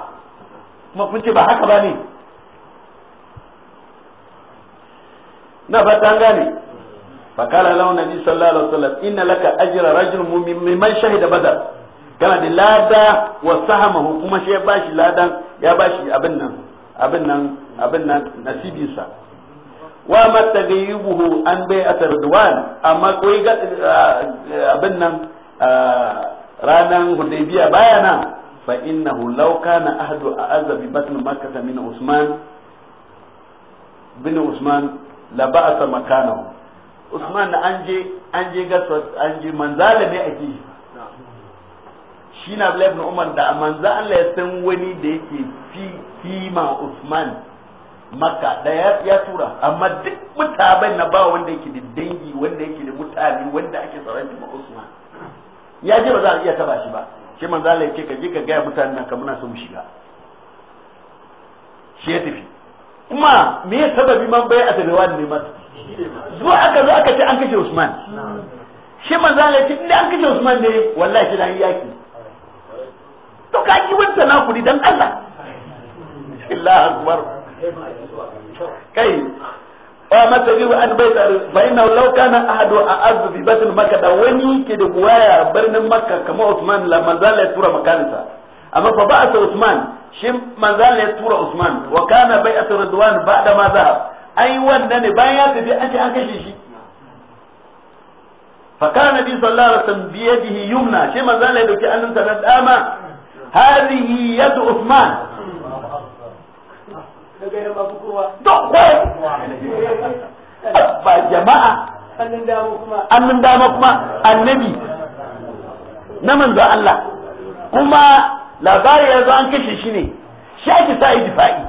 kuma kun ce ba haka ba ne na fatan gane fakala lahu nabi sallallahu alaihi wasallam inna laka ajra rajul mu'min man shahida badar kana da lada wa sahamahu kuma shi ya bashi ladan ya bashi abin nan abin nan abin nan nasibinsa wa matagayyubuhu an bai atardwan amma koyi abin nan ranan hudaybiya baya nan fa innahu law kana ahadu azabi bi batn makkah min usman bin usman la ba'atha makanahu usman an je an je gaswa an je manzala ne ake shi na Abdullahi ibn Umar da manzo Allah ya san wani da yake fi fima Usman Maka da ya tura amma duk mutaben na ba wanda yake da dangi wanda yake da mutane wanda ake tsaron ma Usman ya je ba za a iya taba shi ba shi manzo Allah ce ka je ka ga mutanen nan kamuna muna so mu shiga shi ya tafi kuma me ya sababi man bai a talewan ne masa zuwa aka zo aka ce an kashe Usman shi manzo Allah yake inda an kashe Usman ne wallahi shi dan yaki to ka ji wanda na kudi dan Allah Allah akbar kai wa mata biyu an bai tsari fa na law kana ahadu a azu bi batul makka da wani ke da a birnin makka kamar Usman la manzala ya tura makansa amma fa ba'atha Usman shi manzala tura Usman wa kana bai'atu ridwan wanda ni bayan ya tafi an ce shi فكان النبي صلى الله عليه وسلم بيده يمنى شيء ما زال يدك أن أنت هذه يد عثمان gaira ba don kowa ba jama'a annin dama kuma annabi na manzo Allah kuma labari ya zo an kashe shi ne shaki sa yi difa'i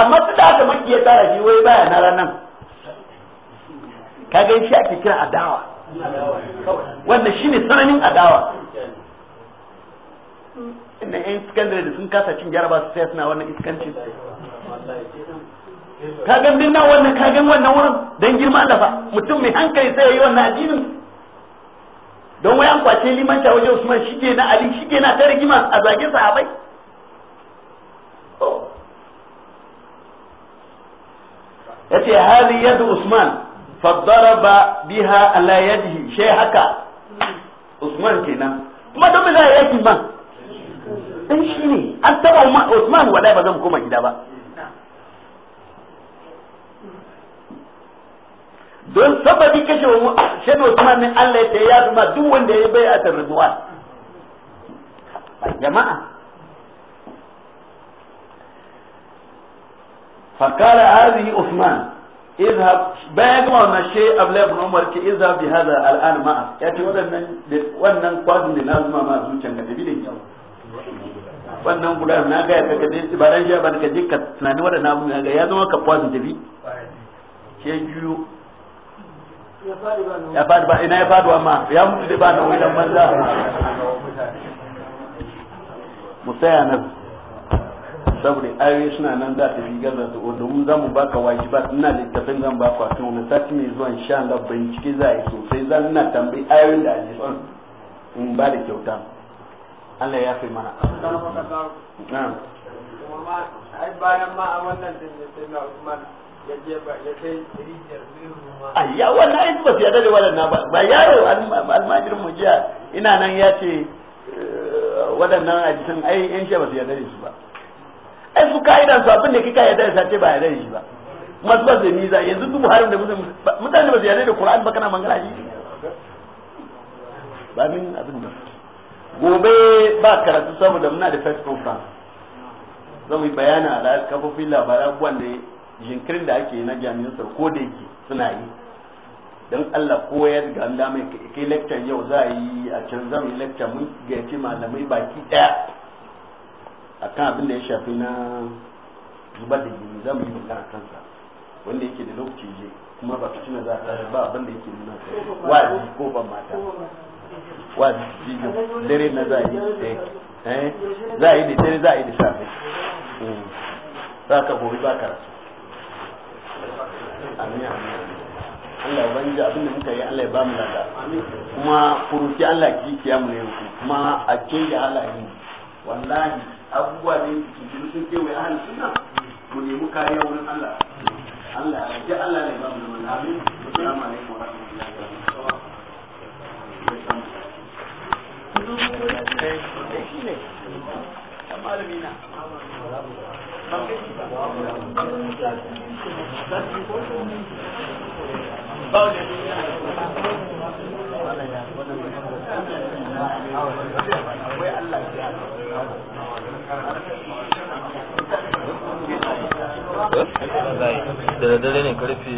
amma duk da aka maki ya tara shi wai baya na ranan kaga shi ake kira adawa wanda shine tsananin adawa ina yan iskandare da sun kasa cin jaraba su sai suna wannan iskancin ka gan dinna wannan ka gan wannan wurin dan girma Allah mutum mai hankali sai yayi wannan addinin don wai an kwace limanta a wajen Usman shige na Ali shige na ta rigima a zage sahabbai yace hali yadu Usman fadaraba biha ala yadihi shay haka Usman kenan kuma don me za a yaki ba dan shi ne an taba Usman wallahi ba zan koma gida ba don sababi kashe wa shaidu Usman ne Allah ya ya zama duk wanda ya bai a tarzuwa jama'a فقال هذه Usman, bayan kuma na shi abu ibn Umar ke izhab bi hada al'an ma'a ya ce wannan kwadin da na zuma ma zuciyar ka dabi da yau wannan guda na ga ya kaga dai ba ran shi ba ka je ka tunani wadannan abun ga ya zama ka kwadin dabi ke juyo ya fadi ba ina ya fadi ma ya mutu da ba na wajen banza mu tsaya na saboda ayoyi suna nan za ta fi gaza su wanda mu za mu baka waji ba ina da tafin zan ba ku akan wani sati mai zuwa insha Allah bincike za a yi sosai zan na tambayi ayoyin da ake son in ba da kyauta Allah ya fi mana bayan ma a wannan da Usman ya wannan ai ba su yarda da waɗannan ba ba yaro almajirin mu jiya ina nan ya ce eh, waɗannan jikin ai yan shi ba su yarda da su ba ai su ka'idan su abin da kika yarda da ce ba yarda da shi ba masu ba zai niza yanzu duk harin da mutum mutane ba su yarda da kur'an ba kana mangala shi ba min abin da gobe ba karatu saboda muna da first conference zamu yi bayani a kafofin labaran wanda jinkirin da ake yi na jami'in sar ko da yake suna yi don Allah koyar ga an dama kai lecture yau za a yi a can zama yi lecture mun gayyaci malamai baki daya akan abin da ya shafi na zubar da jini za mu yi magana kansa wanda yake da lokaci je kuma ba tuna za ta ba abin da yake nuna wazi ko ban mata wazi ji dare na za a yi eh, za a yi da dare za a yi da safe hmm. za ka gobe ba ka rasu. amin Allah ban ji abin da muka yi Allah ya ba mu lada kuma furuki Allah ki kiyamu ne kuma a canja halayen wallahi abubuwa ne cikin sun kewaye ahal suna mu nemi kariya wurin Allah Allah ji Allah ne ba mu lada amin assalamu alaikum wa rahmatullahi da daddare ne karfe